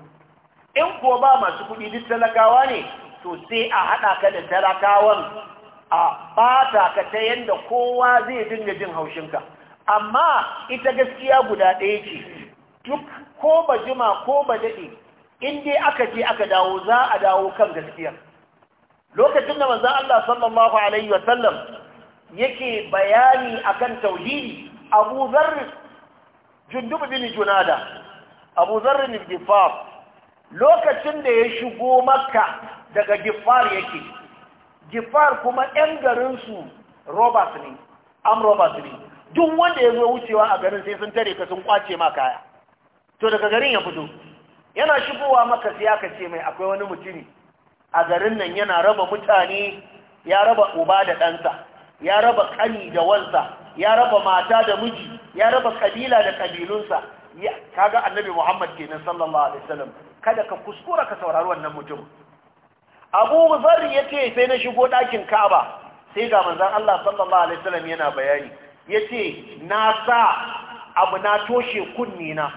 in kuwa ba masu kuɗi duk talakawa ne to sai a haɗa ka da talakawan a ɓata ka ta yadda kowa zai dinga jin haushinka amma ita gaskiya guda ɗaya ce duk ko ba jima ko ba daɗe in dai aka je aka dawo za a dawo kan gaskiyar lokacin da manzon Allah sallallahu alaihi wa yake bayani akan tauhidi Abu Dharr Jundub bin Junada Abu Dharr bin Gifar lokacin da ya shigo Makka daga Gifar yake Gifar kuma ɗan garinsu su Robert ne Am Robert ne duk wanda ya zo wucewa a garin sai sun tare ka sun kwace ma kaya to daga garin ya fito yana shigowa maka sai aka ce mai akwai wani mutumi a garin nan yana raba mutane ya raba uba da ɗansa ya raba ƙani da wansa ya raba mata da miji ya raba ƙabila da ƙabilunsa. kabilunsa ga annabi muhammad kenan sallallahu alaihi wasallam kada ka kuskura ka saurari wannan mutum abu zar ya ce sai na shigo ɗakin ka'aba sai ga manzan allah sallallahu alaihi wasallam yana bayani ya ce na sa abu na toshe kunne na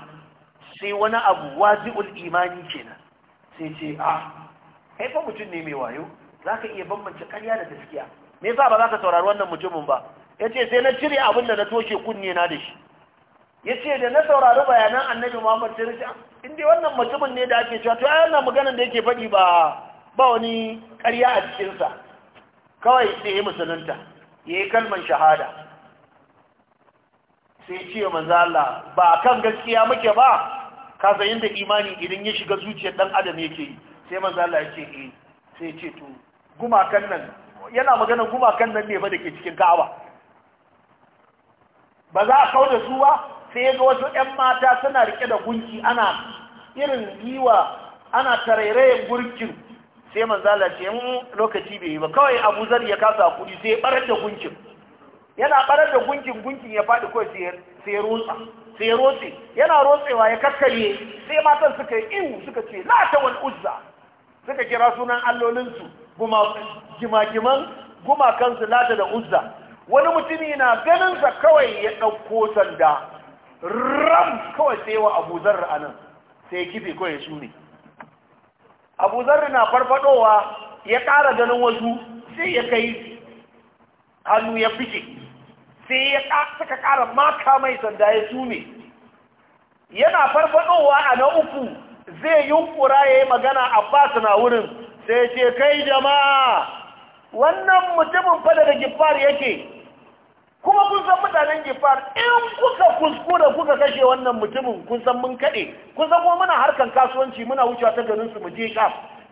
sai wani abu wazi'ul imani kenan sai ce a ah, kai mutum ne mai wayo za ka iya bambance ƙarya da gaskiya me yasa ba za ka saurari wannan mutumin ba ya ce sai na cire abin da na toshe kunne na da shi ya ce da na saurari bayanan annabi muhammad sai na in dai wannan mutumin ne da ake cewa to ai wannan maganar da yake faɗi ba ba wani ƙarya a cikinsa kawai sai ya musulunta ya yi kalman shahada sai ce manzo Allah ba kan gaskiya muke ba ka san yadda imani idan ya shiga zuciyar dan adam yake yi sai manzo Allah ya ce eh sai ya ce to gumakan nan yana magana gumakan nan ne ba da ke cikin Ka'aba ba za a kauda su ba sai ga wasu ƴan mata suna rike da gunki ana irin yiwa ana tarairayen gurkin sai manzo Allah ce mu mm, lokaci bai yi ba kawai Abu Zar ya kasa kudi sai barar da gunkin yana barar da gunkin gunkin ya fadi ko sai sai rotsa sai rotse yana rotsewa ya kakkare sai matan suka yi ihu suka ce la ta wal uzza suka kira sunan allolinsu gimagiman gumakansu lada da uzza wani mutumi na ganinsa kawai ya ɗauko sanda ram kawai sai wa abu zarra a nan sai ya kife kawai ya ne abu zarra na farfadowa ya ƙara ganin wasu sai ya kai hannu ya fice sai ya suka ƙara maka mai sanda ya ne yana farfadowa a na uku zai yunkura ya yi magana abbas na wurin sai ce kai jama'a wannan mutumin fada da gifar yake kuma kun san mutanen gifar in kuka kuskura kuka kashe wannan mutumin kun san mun kaɗe kun san kuma muna harkan kasuwanci muna wucewa ta ganin su muje je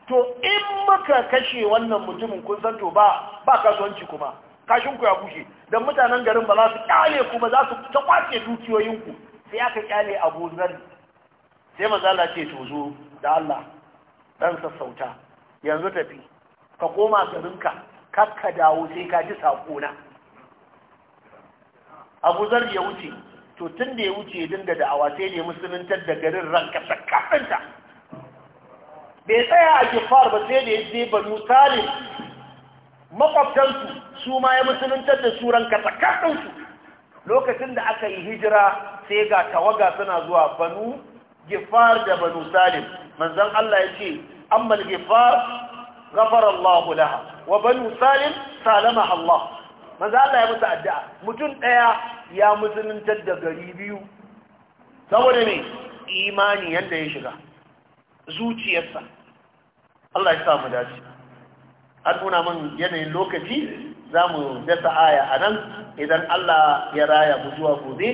to in muka kashe wannan mutumin kun san to ba ba kasuwanci kuma kashin ku ya bushe dan mutanen garin ba za su kyale ku ba za su ta kwace dukiyoyinku sai aka kyale Abu sai manzo Allah ce to zo da Allah dan sassauta yanzu tafi ka koma garinka kakka dawo sai ka ji sakona Abu Zar ya wuce to tun da ya wuce dinga da'awa sai ne musuluntar da garin ranka sakkaɗinta bai tsaya a kifar ba sai da ya je banu talib makwabtansu su ma ya musuluntar da su ranka sakkaɗinsu lokacin da aka yi hijira sai ga tawaga suna zuwa banu gifar da banu salim manzon Allah ya ce Amman gifar ghafara Allah laha wa banu salim salama Allah Manzan Allah ya mutu addu'a mutum ɗaya ya musuluntar da gari biyu saboda ne imani yadda ya shiga zuciyarsa Allah ya sa mu dace an nuna min yanayin lokaci za mu dasa aya a nan idan Allah ya raya mu zuwa gobe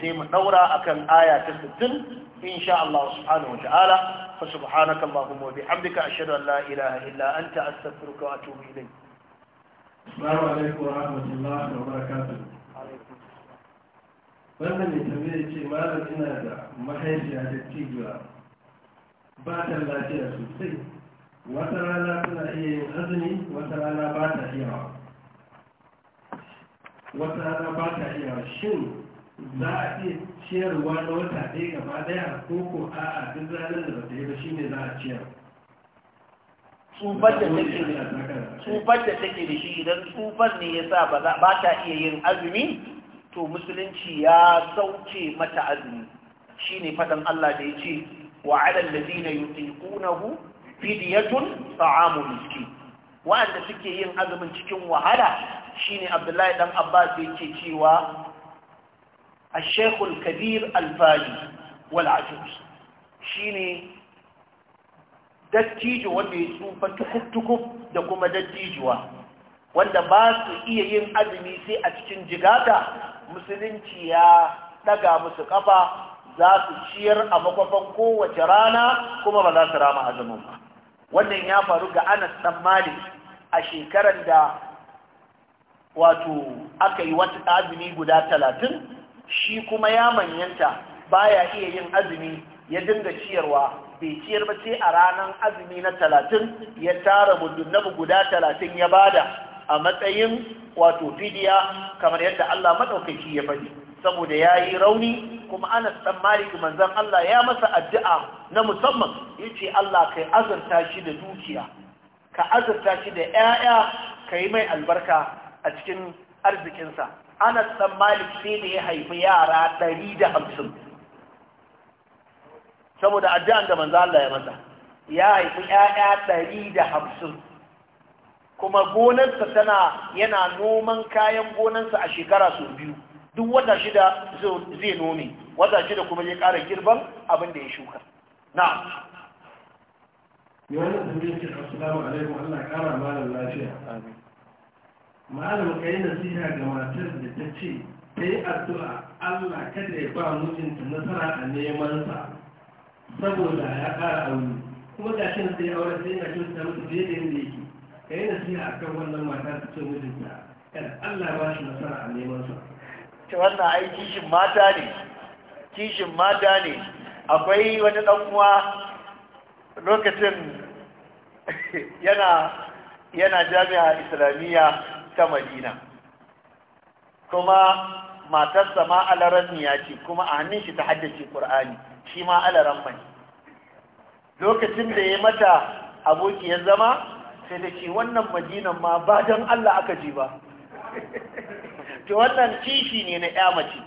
sai mu ɗaura akan aya ta sittin إن شاء الله سبحانه وتعالى فسبحانك اللهم وبحمدك أشهد أن لا إله إلا أنت أستغفرك وأتوب إليك السلام عليكم ورحمة الله وبركاته wannan mai tambayar ce malam ina da mahaifiya da cibiya ba ta lafiya sosai wata rana tana iya yin azumi wata rana ba ta iyawa wata rana ba ta iyawa shin za a iya ciyarwa na wata ɗaya gaba ɗaya ko ko a'a duk ranar da ba yi ba shine za a ciyar tsufar da take da da shi idan tsufar ne yasa ba za ba ta iya yin azumi to musulunci ya sauke mata azumi shine fadan Allah da yace wa 'alal ladina yutiqunahu fidyatun ta'amu miskin wa'anda suke yin azumin cikin wahala shine Abdullahi dan Abbas yake cewa الشيخ الكبير الفاجي والعجوز شيني dattijo wanda ya tsufa tukuf da kuma dattijuwa wanda ba su iya yin azumi sai a cikin jigata musulunci ya daga musu kafa za su ciyar a makwafan kowace rana kuma ba za su rama azumin ba wannan ya faru ga anas dan malik a shekarar da wato aka yi wata azumi guda talatin shi kuma ya manyanta baya iya yin azumi ya dinga ciyarwa bai ciyar ba sai a ranar azumi na talatin ya tara mudunnabu guda talatin ya bada a matsayin wato fidiya kamar yadda Allah maɗaukaki ya faɗi saboda ya yi rauni kuma ana ɗan maliki manzan Allah ya masa addu'a na musamman ya ce Allah ka azurta shi da dukiya ka azurta shi da ‘ya'ya ka yi mai albarka a cikin arzikinsa anas dan malik sai da ya haifi yara ɗari da hamsin saboda addu'an da manzo Allah ya masa ya haifi ƴaƴa ɗari da hamsin kuma gonarsa tana yana noman kayan gonarsa a shekara sau biyu duk wata shida zai nome wata shida kuma zai ƙara girban abin da ya shuka na yawan da zai ce assalamu alaikum Allah ƙara malam lafiya malam ka yi nasiha ga matar da ta ce ta yi addu'a allah kada ya ba mijinta nasara a neman sa saboda ya ƙara aure kuma ga shi sai aure sai na shi ta mutu fiye da yadda yake ka yi nasiha a kan wannan mata ta ce mijinta kada allah ba shi nasara a neman sa ta wannan ai kishin mata ne kishin mata ne akwai wani ɗan uwa lokacin yana yana jami'a islamiyya ta madina kuma matarsa ma niya ce kuma a hannun shi ta haddace ƙur'ani shi ma alaran mai lokacin da ya mata abokiyar zama sai da ce wannan madinan ma ba don allah aka ji ba to wannan kishi ne na ya mace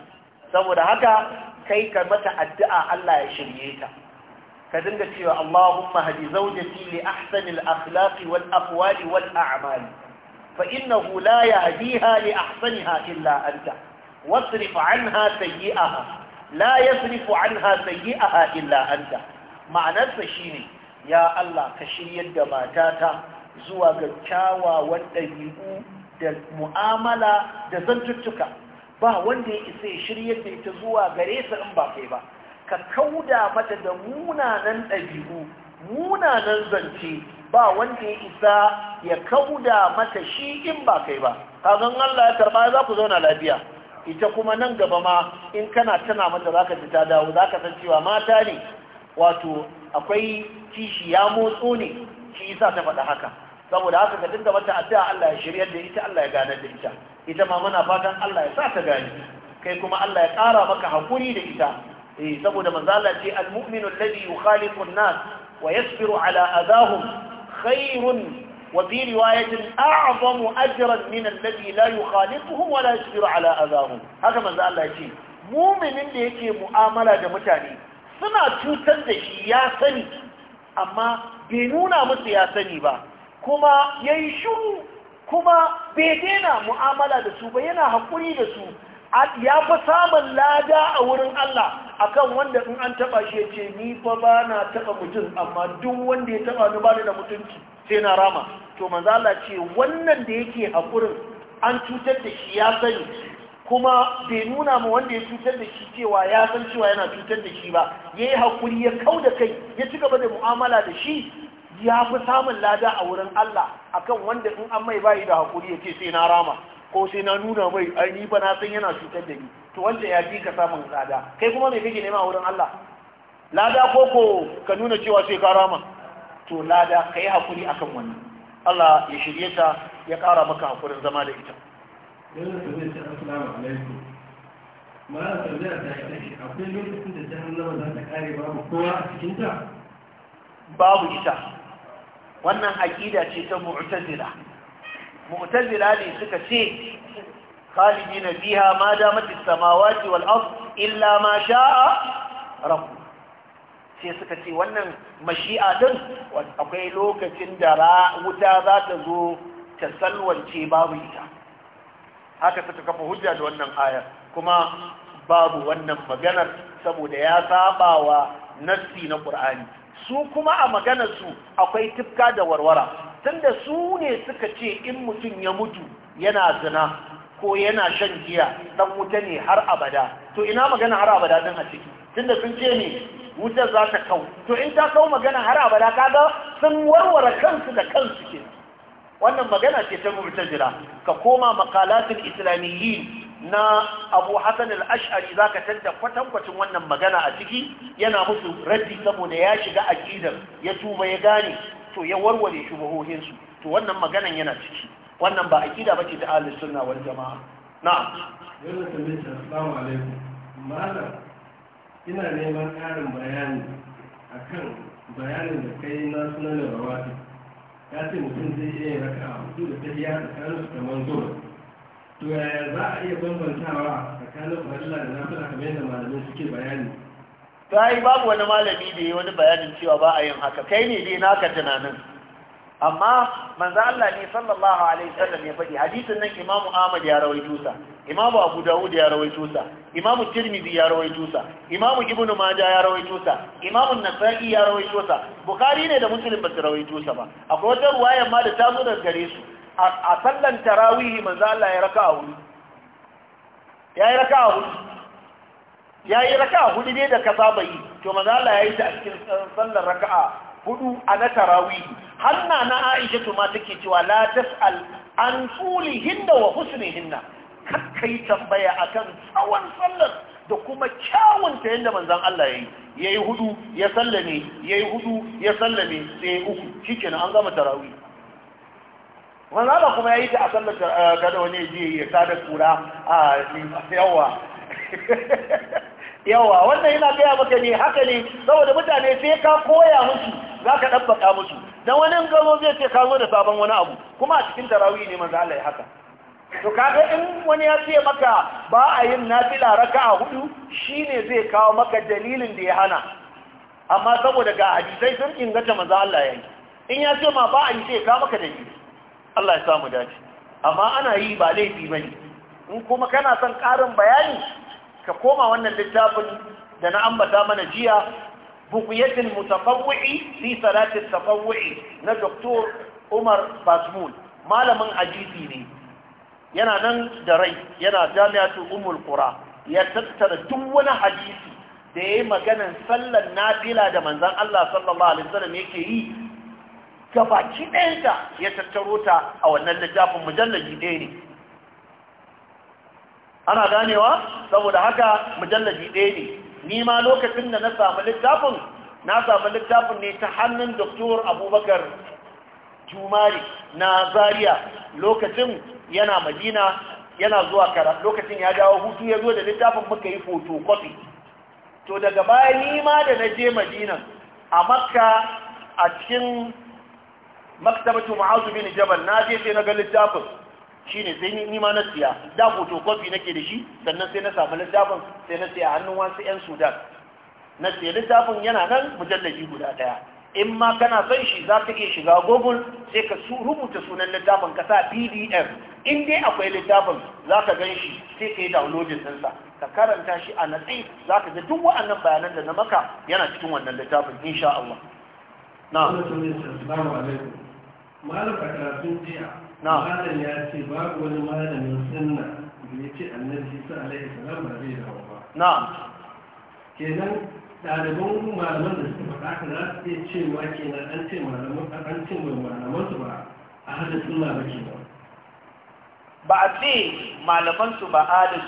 saboda haka kai ka mata addu'a allah ya shirye ta ka dinga cewa allahumma hadi zaujati li ahsanil akhlaqi wal afwali wal a'mali فإنه لا يهديها لأحسنها إلا أنت واصرف عنها سيئها لا يصرف عنها سيئها إلا أنت معنى شيني يا الله كشير دماتاتا زوا كاوا والدبيئو da mu'amala da zantuttuka ba wanda ya isa ya shirye da ita zuwa gare su in ba kai ba ka kauda mata da munanan ɗabi'u munanan zance ba wanda ya isa ya kauda mata shi in ba kai ba kagan Allah ya karba za ku zauna lafiya ita kuma nan gaba ma in kana tana mata zaka ji ta dawo zaka san cewa mata ne wato akwai kishi ya motso ne shi yasa ta faɗa haka saboda haka ka dinga mata addu'a Allah ya shiryar da ita Allah ya gane da ita ita ma muna fatan Allah ya sa ta gane kai kuma Allah ya ƙara maka hakuri da ita eh saboda manzo Allah ce al-mu'minu alladhi yukhaliqu an-nas wa yasbiru ala adahum khairun wa fi riwayatin a'zamu ajran min alladhi la yukhalifuhum wa la yashfiru ala adahum haka manzo Allah ce muminin da yake mu'amala da mutane suna cutar da shi ya sani amma bai nuna musu ya sani ba kuma yayi shiru kuma bai daina mu'amala da su ba yana haƙuri da su ya fi samun lada a wurin Allah akan wanda in an taba shi ce ni fa ba na taba mutum amma duk wanda ya taba ni bani da mutunci sai na rama to manzo Allah ce wannan da yake hakurin an cutar da shi ya sani kuma bai nuna ma wanda ya cutar da shi cewa ya san cewa yana cutar da shi ba yayi hakuri ya kau da kai ya ci gaba da mu'amala da shi ya fi samun lada a wurin Allah akan wanda in an mai bayi da hakuri ya ce sai na rama ko sai na nuna mai ai ni ba na san yana cutar da ni to wanda ya fi ka samun tsada kai kuma mai kake nema a wurin Allah lada ko ko ka nuna cewa sai ka rama to lada kai hakuri akan wannan Allah ya shirye ta ya ƙara maka hakurin zama da ita mara ta shi akwai lokacin da za ta kare babu kowa a cikinta babu ita wannan aƙida ce ta mu'tazila mu'tazila ne suka ce خالدين فيها ما دامت السماوات والأرض إلا ما شاء ربك sai suka ce wannan mashi'a din akwai lokacin da wuta za ta zo ta salwance babu ita haka suka kafa hujja da wannan ayar kuma babu wannan maganar saboda ya saba wa nassi na ƙur'ani su kuma a maganarsu akwai tifka da warwara tunda su ne suka ce in mutum ya mutu yana zina ko yana shan giya dan wuta ne har abada to ina magana har abada din a ciki tunda sun ce ne wutar za ta kau to in ta kau magana har abada kaga sun warware kansu da kansu ke wannan magana ce ta jira. ka koma maqalatul islamiyyin na Abu Hassan al-Ash'ari zaka tanta kwatankwacin wannan magana a ciki yana musu raddi saboda ya shiga aqidar ya tuba ya gane to ya warware shubuhohin su to wannan maganan yana ciki wannan ba ba bace ta ahlus suna wani jamaa na'am yana tambayar assalamu alaikum malam ina neman karin bayani akan bayanin da kai na sunan rawati ya ce mutum zai iya yin a hudu da tafiya tsakanin su kamar zuwa to yaya za a iya bambantawa tsakanin farilla da nafila kamar yadda malamai suke bayani ta yi babu wani malami da ya wani bayanin cewa ba a yin haka kai ne dai naka tunanin amma manzo Allah ne sallallahu alaihi wasallam ya faɗi hadisin nan Imam Ahmad ya rawaito sa Imam Abu Dawud ya rawaito sa Imam Tirmidhi ya rawaito sa Imam Ibn Majah ya rawaito sa Imam An-Nasa'i ya rawaito sa Bukhari ne da Muslim ba su rawaito sa ba akwai wata ruwaya ma da ta zo daga gare su a sallan tarawih manzo Allah ya raka'a hudu ya yi raka'a hudu ya yi raka'a hudu ne da ka yi to manzo Allah ya yi ta a cikin sallar raka'a hudu a na tarawi hanna na aisha ma take cewa la tas'al an hinda wa hinna kai tambaya akan tsawon sallar da kuma kyawun ta yadda manzon Allah yayi yi hudu ya sallame ya hudu ya sallame sai uku shi kenan an gama tarawi wannan kuma ya ta a sallar eh, da wani ya je ya sadar kura a ah, yawa yawa wannan yana gaya maka ne haka ne saboda mutane sai ka koya musu za ka ɗabbaka musu don wani gano zai ce ka zo da sabon wani abu kuma a cikin tarawi ne manzo Allah ya haka to kaga in wani ya ce maka ba a yin nafila raka'a hudu shine zai kawo maka dalilin da ya hana amma saboda ga hadisai sun inganta maza Allah ya yi in ya ce ma ba a yi sai ka maka dalili Allah ya samu dace amma ana yi ba laifi bane in kuma kana son ƙarin bayani ka koma wannan littafin da na ambata mana jiya buqiyatul mutatawwi fi salati tatawwi na doktor Umar Basmul malamin ajisi ne yana nan da rai yana jami'atu Ummul Qura ya tattara duk wani hadisi da yayi maganan sallar nafila da manzon Allah sallallahu alaihi wasallam yake yi gabaki ɗayanta ya tattaro ta a wannan littafin mujallaji ɗaya ne ana ganewa saboda haka mujallaji ɗaya ne ni ma lokacin da na samu littafin na samu littafin ne ta hannun doktor abubakar jumari na Zariya lokacin yana madina yana zuwa kara lokacin ya dawo hutu ya zo da littafin muka yi kwafi to daga baya ni ma da na je madina a makka a cikin maktabatu ma'azu bin jabal na je sai na ga littafin shi ne sai ni ma na siya da fotokofi nake da shi sannan sai na samu littafin sai na siya hannun wasu 'yan sudan na siya littafin yana nan mujallaji guda ɗaya in ma kana son shi za ka iya shiga google sai ka rubuta sunan littafin ka sa pdf in dai akwai littafin za ka gan shi sai ka yi downloading ɗinsa ka karanta shi a natsi za ka ga duk wa'annan bayanan da na maka yana cikin wannan littafin insha Allah. na. Malam a jiya malam ya ce babu wani malamin sunna da ya ce annabi isa alaihi salam ba zai dawo ba na'am kenan ɗaliban malaman da suka faɗa ka za su iya cewa kenan na ce malaman an ce malaman su ba a hada suna ba ke ba ba a ce malaman su ba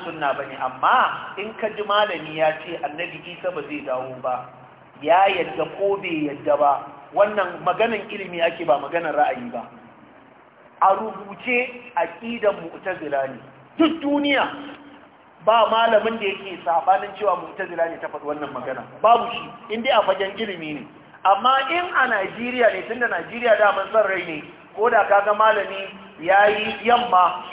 suna ba ne, amma in ka ji malami ya ce annabi isa ba zai dawo ba ya yadda ko bai yadda ba wannan maganan ilimi ake ba maganan ra'ayi ba a rubuce a ƙidan mu'tazila ne duk duniya ba malamin da yake sabanin cewa mu'tazila ne ta faɗi wannan magana babu shi in a fagen ilimi ne amma in a Najeriya ne tunda Najeriya da mun san rai ne ko da kaga malami ya yi yamma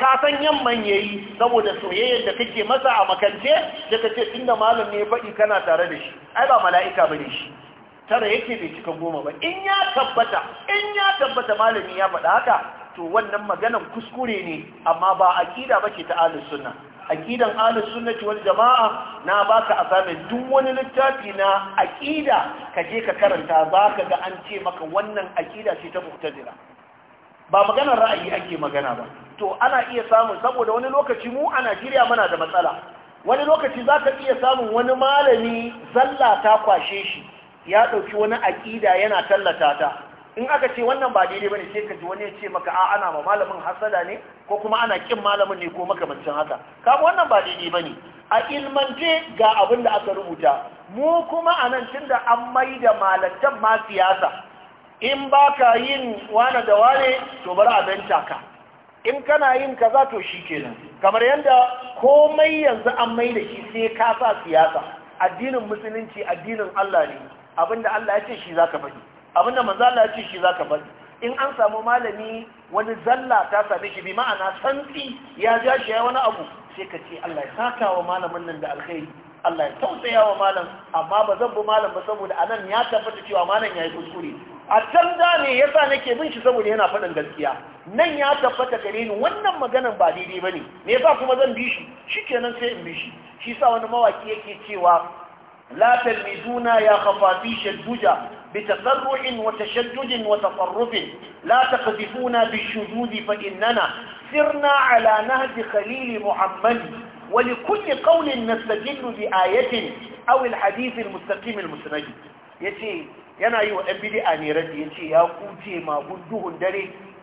ka san yamman ya yi saboda soyayyar da kake masa a makance da kace tunda malam ne faɗi kana tare da shi ai ba mala'ika bane shi tara yake bai cika goma ba in ya tabbata in ya tabbata malami ya faɗa haka to wannan maganan kuskure ne amma ba aqida bace ta ahlus sunna aqidan ahlus sunnati wal jamaa na baka asamin duk wani littafi na aqida ka je ka karanta zaka ga an ce maka wannan aqida ce ta mu'tazila ba maganar ra'ayi ake magana ba to ana iya samun saboda wani lokaci mu a Najeriya muna da matsala wani lokaci zaka iya samun wani malami zalla ta kwashe shi ya ɗauki wani aƙida yana tallata ta in aka ce wannan ba daidai bane sai ka ji wani ya ce maka a ana ma malamin hasada ne ko kuma ana kin malamin ne ko makamancin haka kaga wannan ba daidai bane a ilmance ga abin da aka rubuta mu kuma a nan tunda an mai da malattan ma siyasa in ba ka yin wane da wane to bar a danta ka in kana yin kaza to shi kenan kamar yadda komai yanzu an mai da shi sai ka sa siyasa addinin musulunci addinin Allah ne abinda Allah ya ce shi zaka faɗi abinda manzo Allah ya ce shi zaka faɗi in an samu malami wani zalla ta same shi bi ma'ana santi ya ja shi ya wani abu sai ka ce Allah ya saka wa malamin nan da alkhairi Allah ya tausaya wa malam amma ba zan bi malam ba saboda anan ya tabbata cewa malam yayi kuskure a can da ne yasa nake bin shi saboda yana faɗin gaskiya nan ya tabbata gare ni wannan maganan ba daidai ba ne. me yasa kuma zan bi shi shikenan sai in bi shi shi sa wani mawaki yake cewa لا تلمذونا يا خفافيش الدجى بتسرع وتشدد وتطرف لا تقذفونا بالشذوذ فإننا سرنا على نهج خليل محمد ولكل قول نستدل بآية أو الحديث المستقيم المسند يتي yana yi wa ɗan bidi'a ne radi ya ce ya kuce magun duhun dare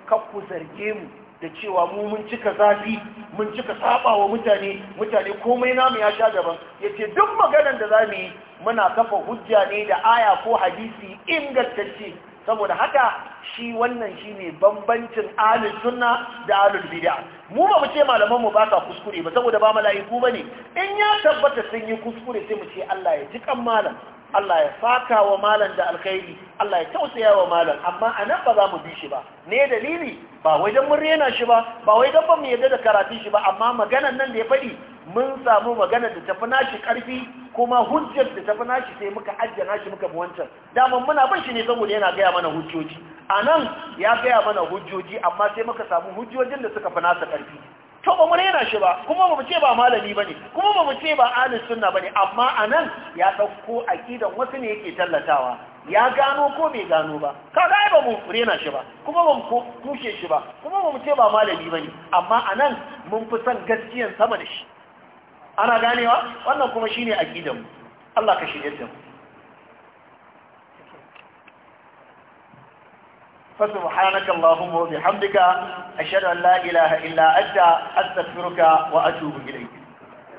kan ku zarge mu da cewa mu mun cika zafi mun cika saba mutane mutane komai namu ya sha gaban yace duk maganar da zamu yi muna kafa hujja ne da aya ko hadisi ingantacce saboda haka shi wannan shine bambancin ahlus sunna da ahlul bid'a mu ba mu ce malaman mu ba sa kuskure ba saboda ba mala'iku bane in ya tabbata sun yi kuskure sai mu ce Allah ya ji kan malam Allah ya faka wa malam da alkhairi Allah ya tausaya wa malam amma a nan ba za mu bi shi ba ne dalili ba wai don mun rena shi ba ba wai don ba mu yadda da karatun shi ba amma maganar nan da ya faɗi mun samu maganar da tafi nashi ƙarfi kuma hujjar da tafi nashi sai muka ajiye nashi muka bi wancan daman muna bin shi ne saboda yana gaya mana hujjoji a nan ya gaya mana hujjoji amma sai muka samu hujjojin da suka fi nasa ƙarfi to ba mu rena shi ba kuma ba mu ce ba malami bane kuma ba mu ce ba ahlus sunna bane amma anan ya dauko aqidan wasu ne yake tallatawa ya gano ko bai gano ba ka ai ba mu raina shi ba kuma ba mu kushe shi ba kuma ba mu ce ba malami bane amma anan mun fi son gaskiyan sama da shi ana ganewa wannan kuma shine aqidan mu Allah ka shirye da mu فسبحانك اللهم وبحمدك أشهد أن لا إله إلا أنت أستغفرك وأتوب إليك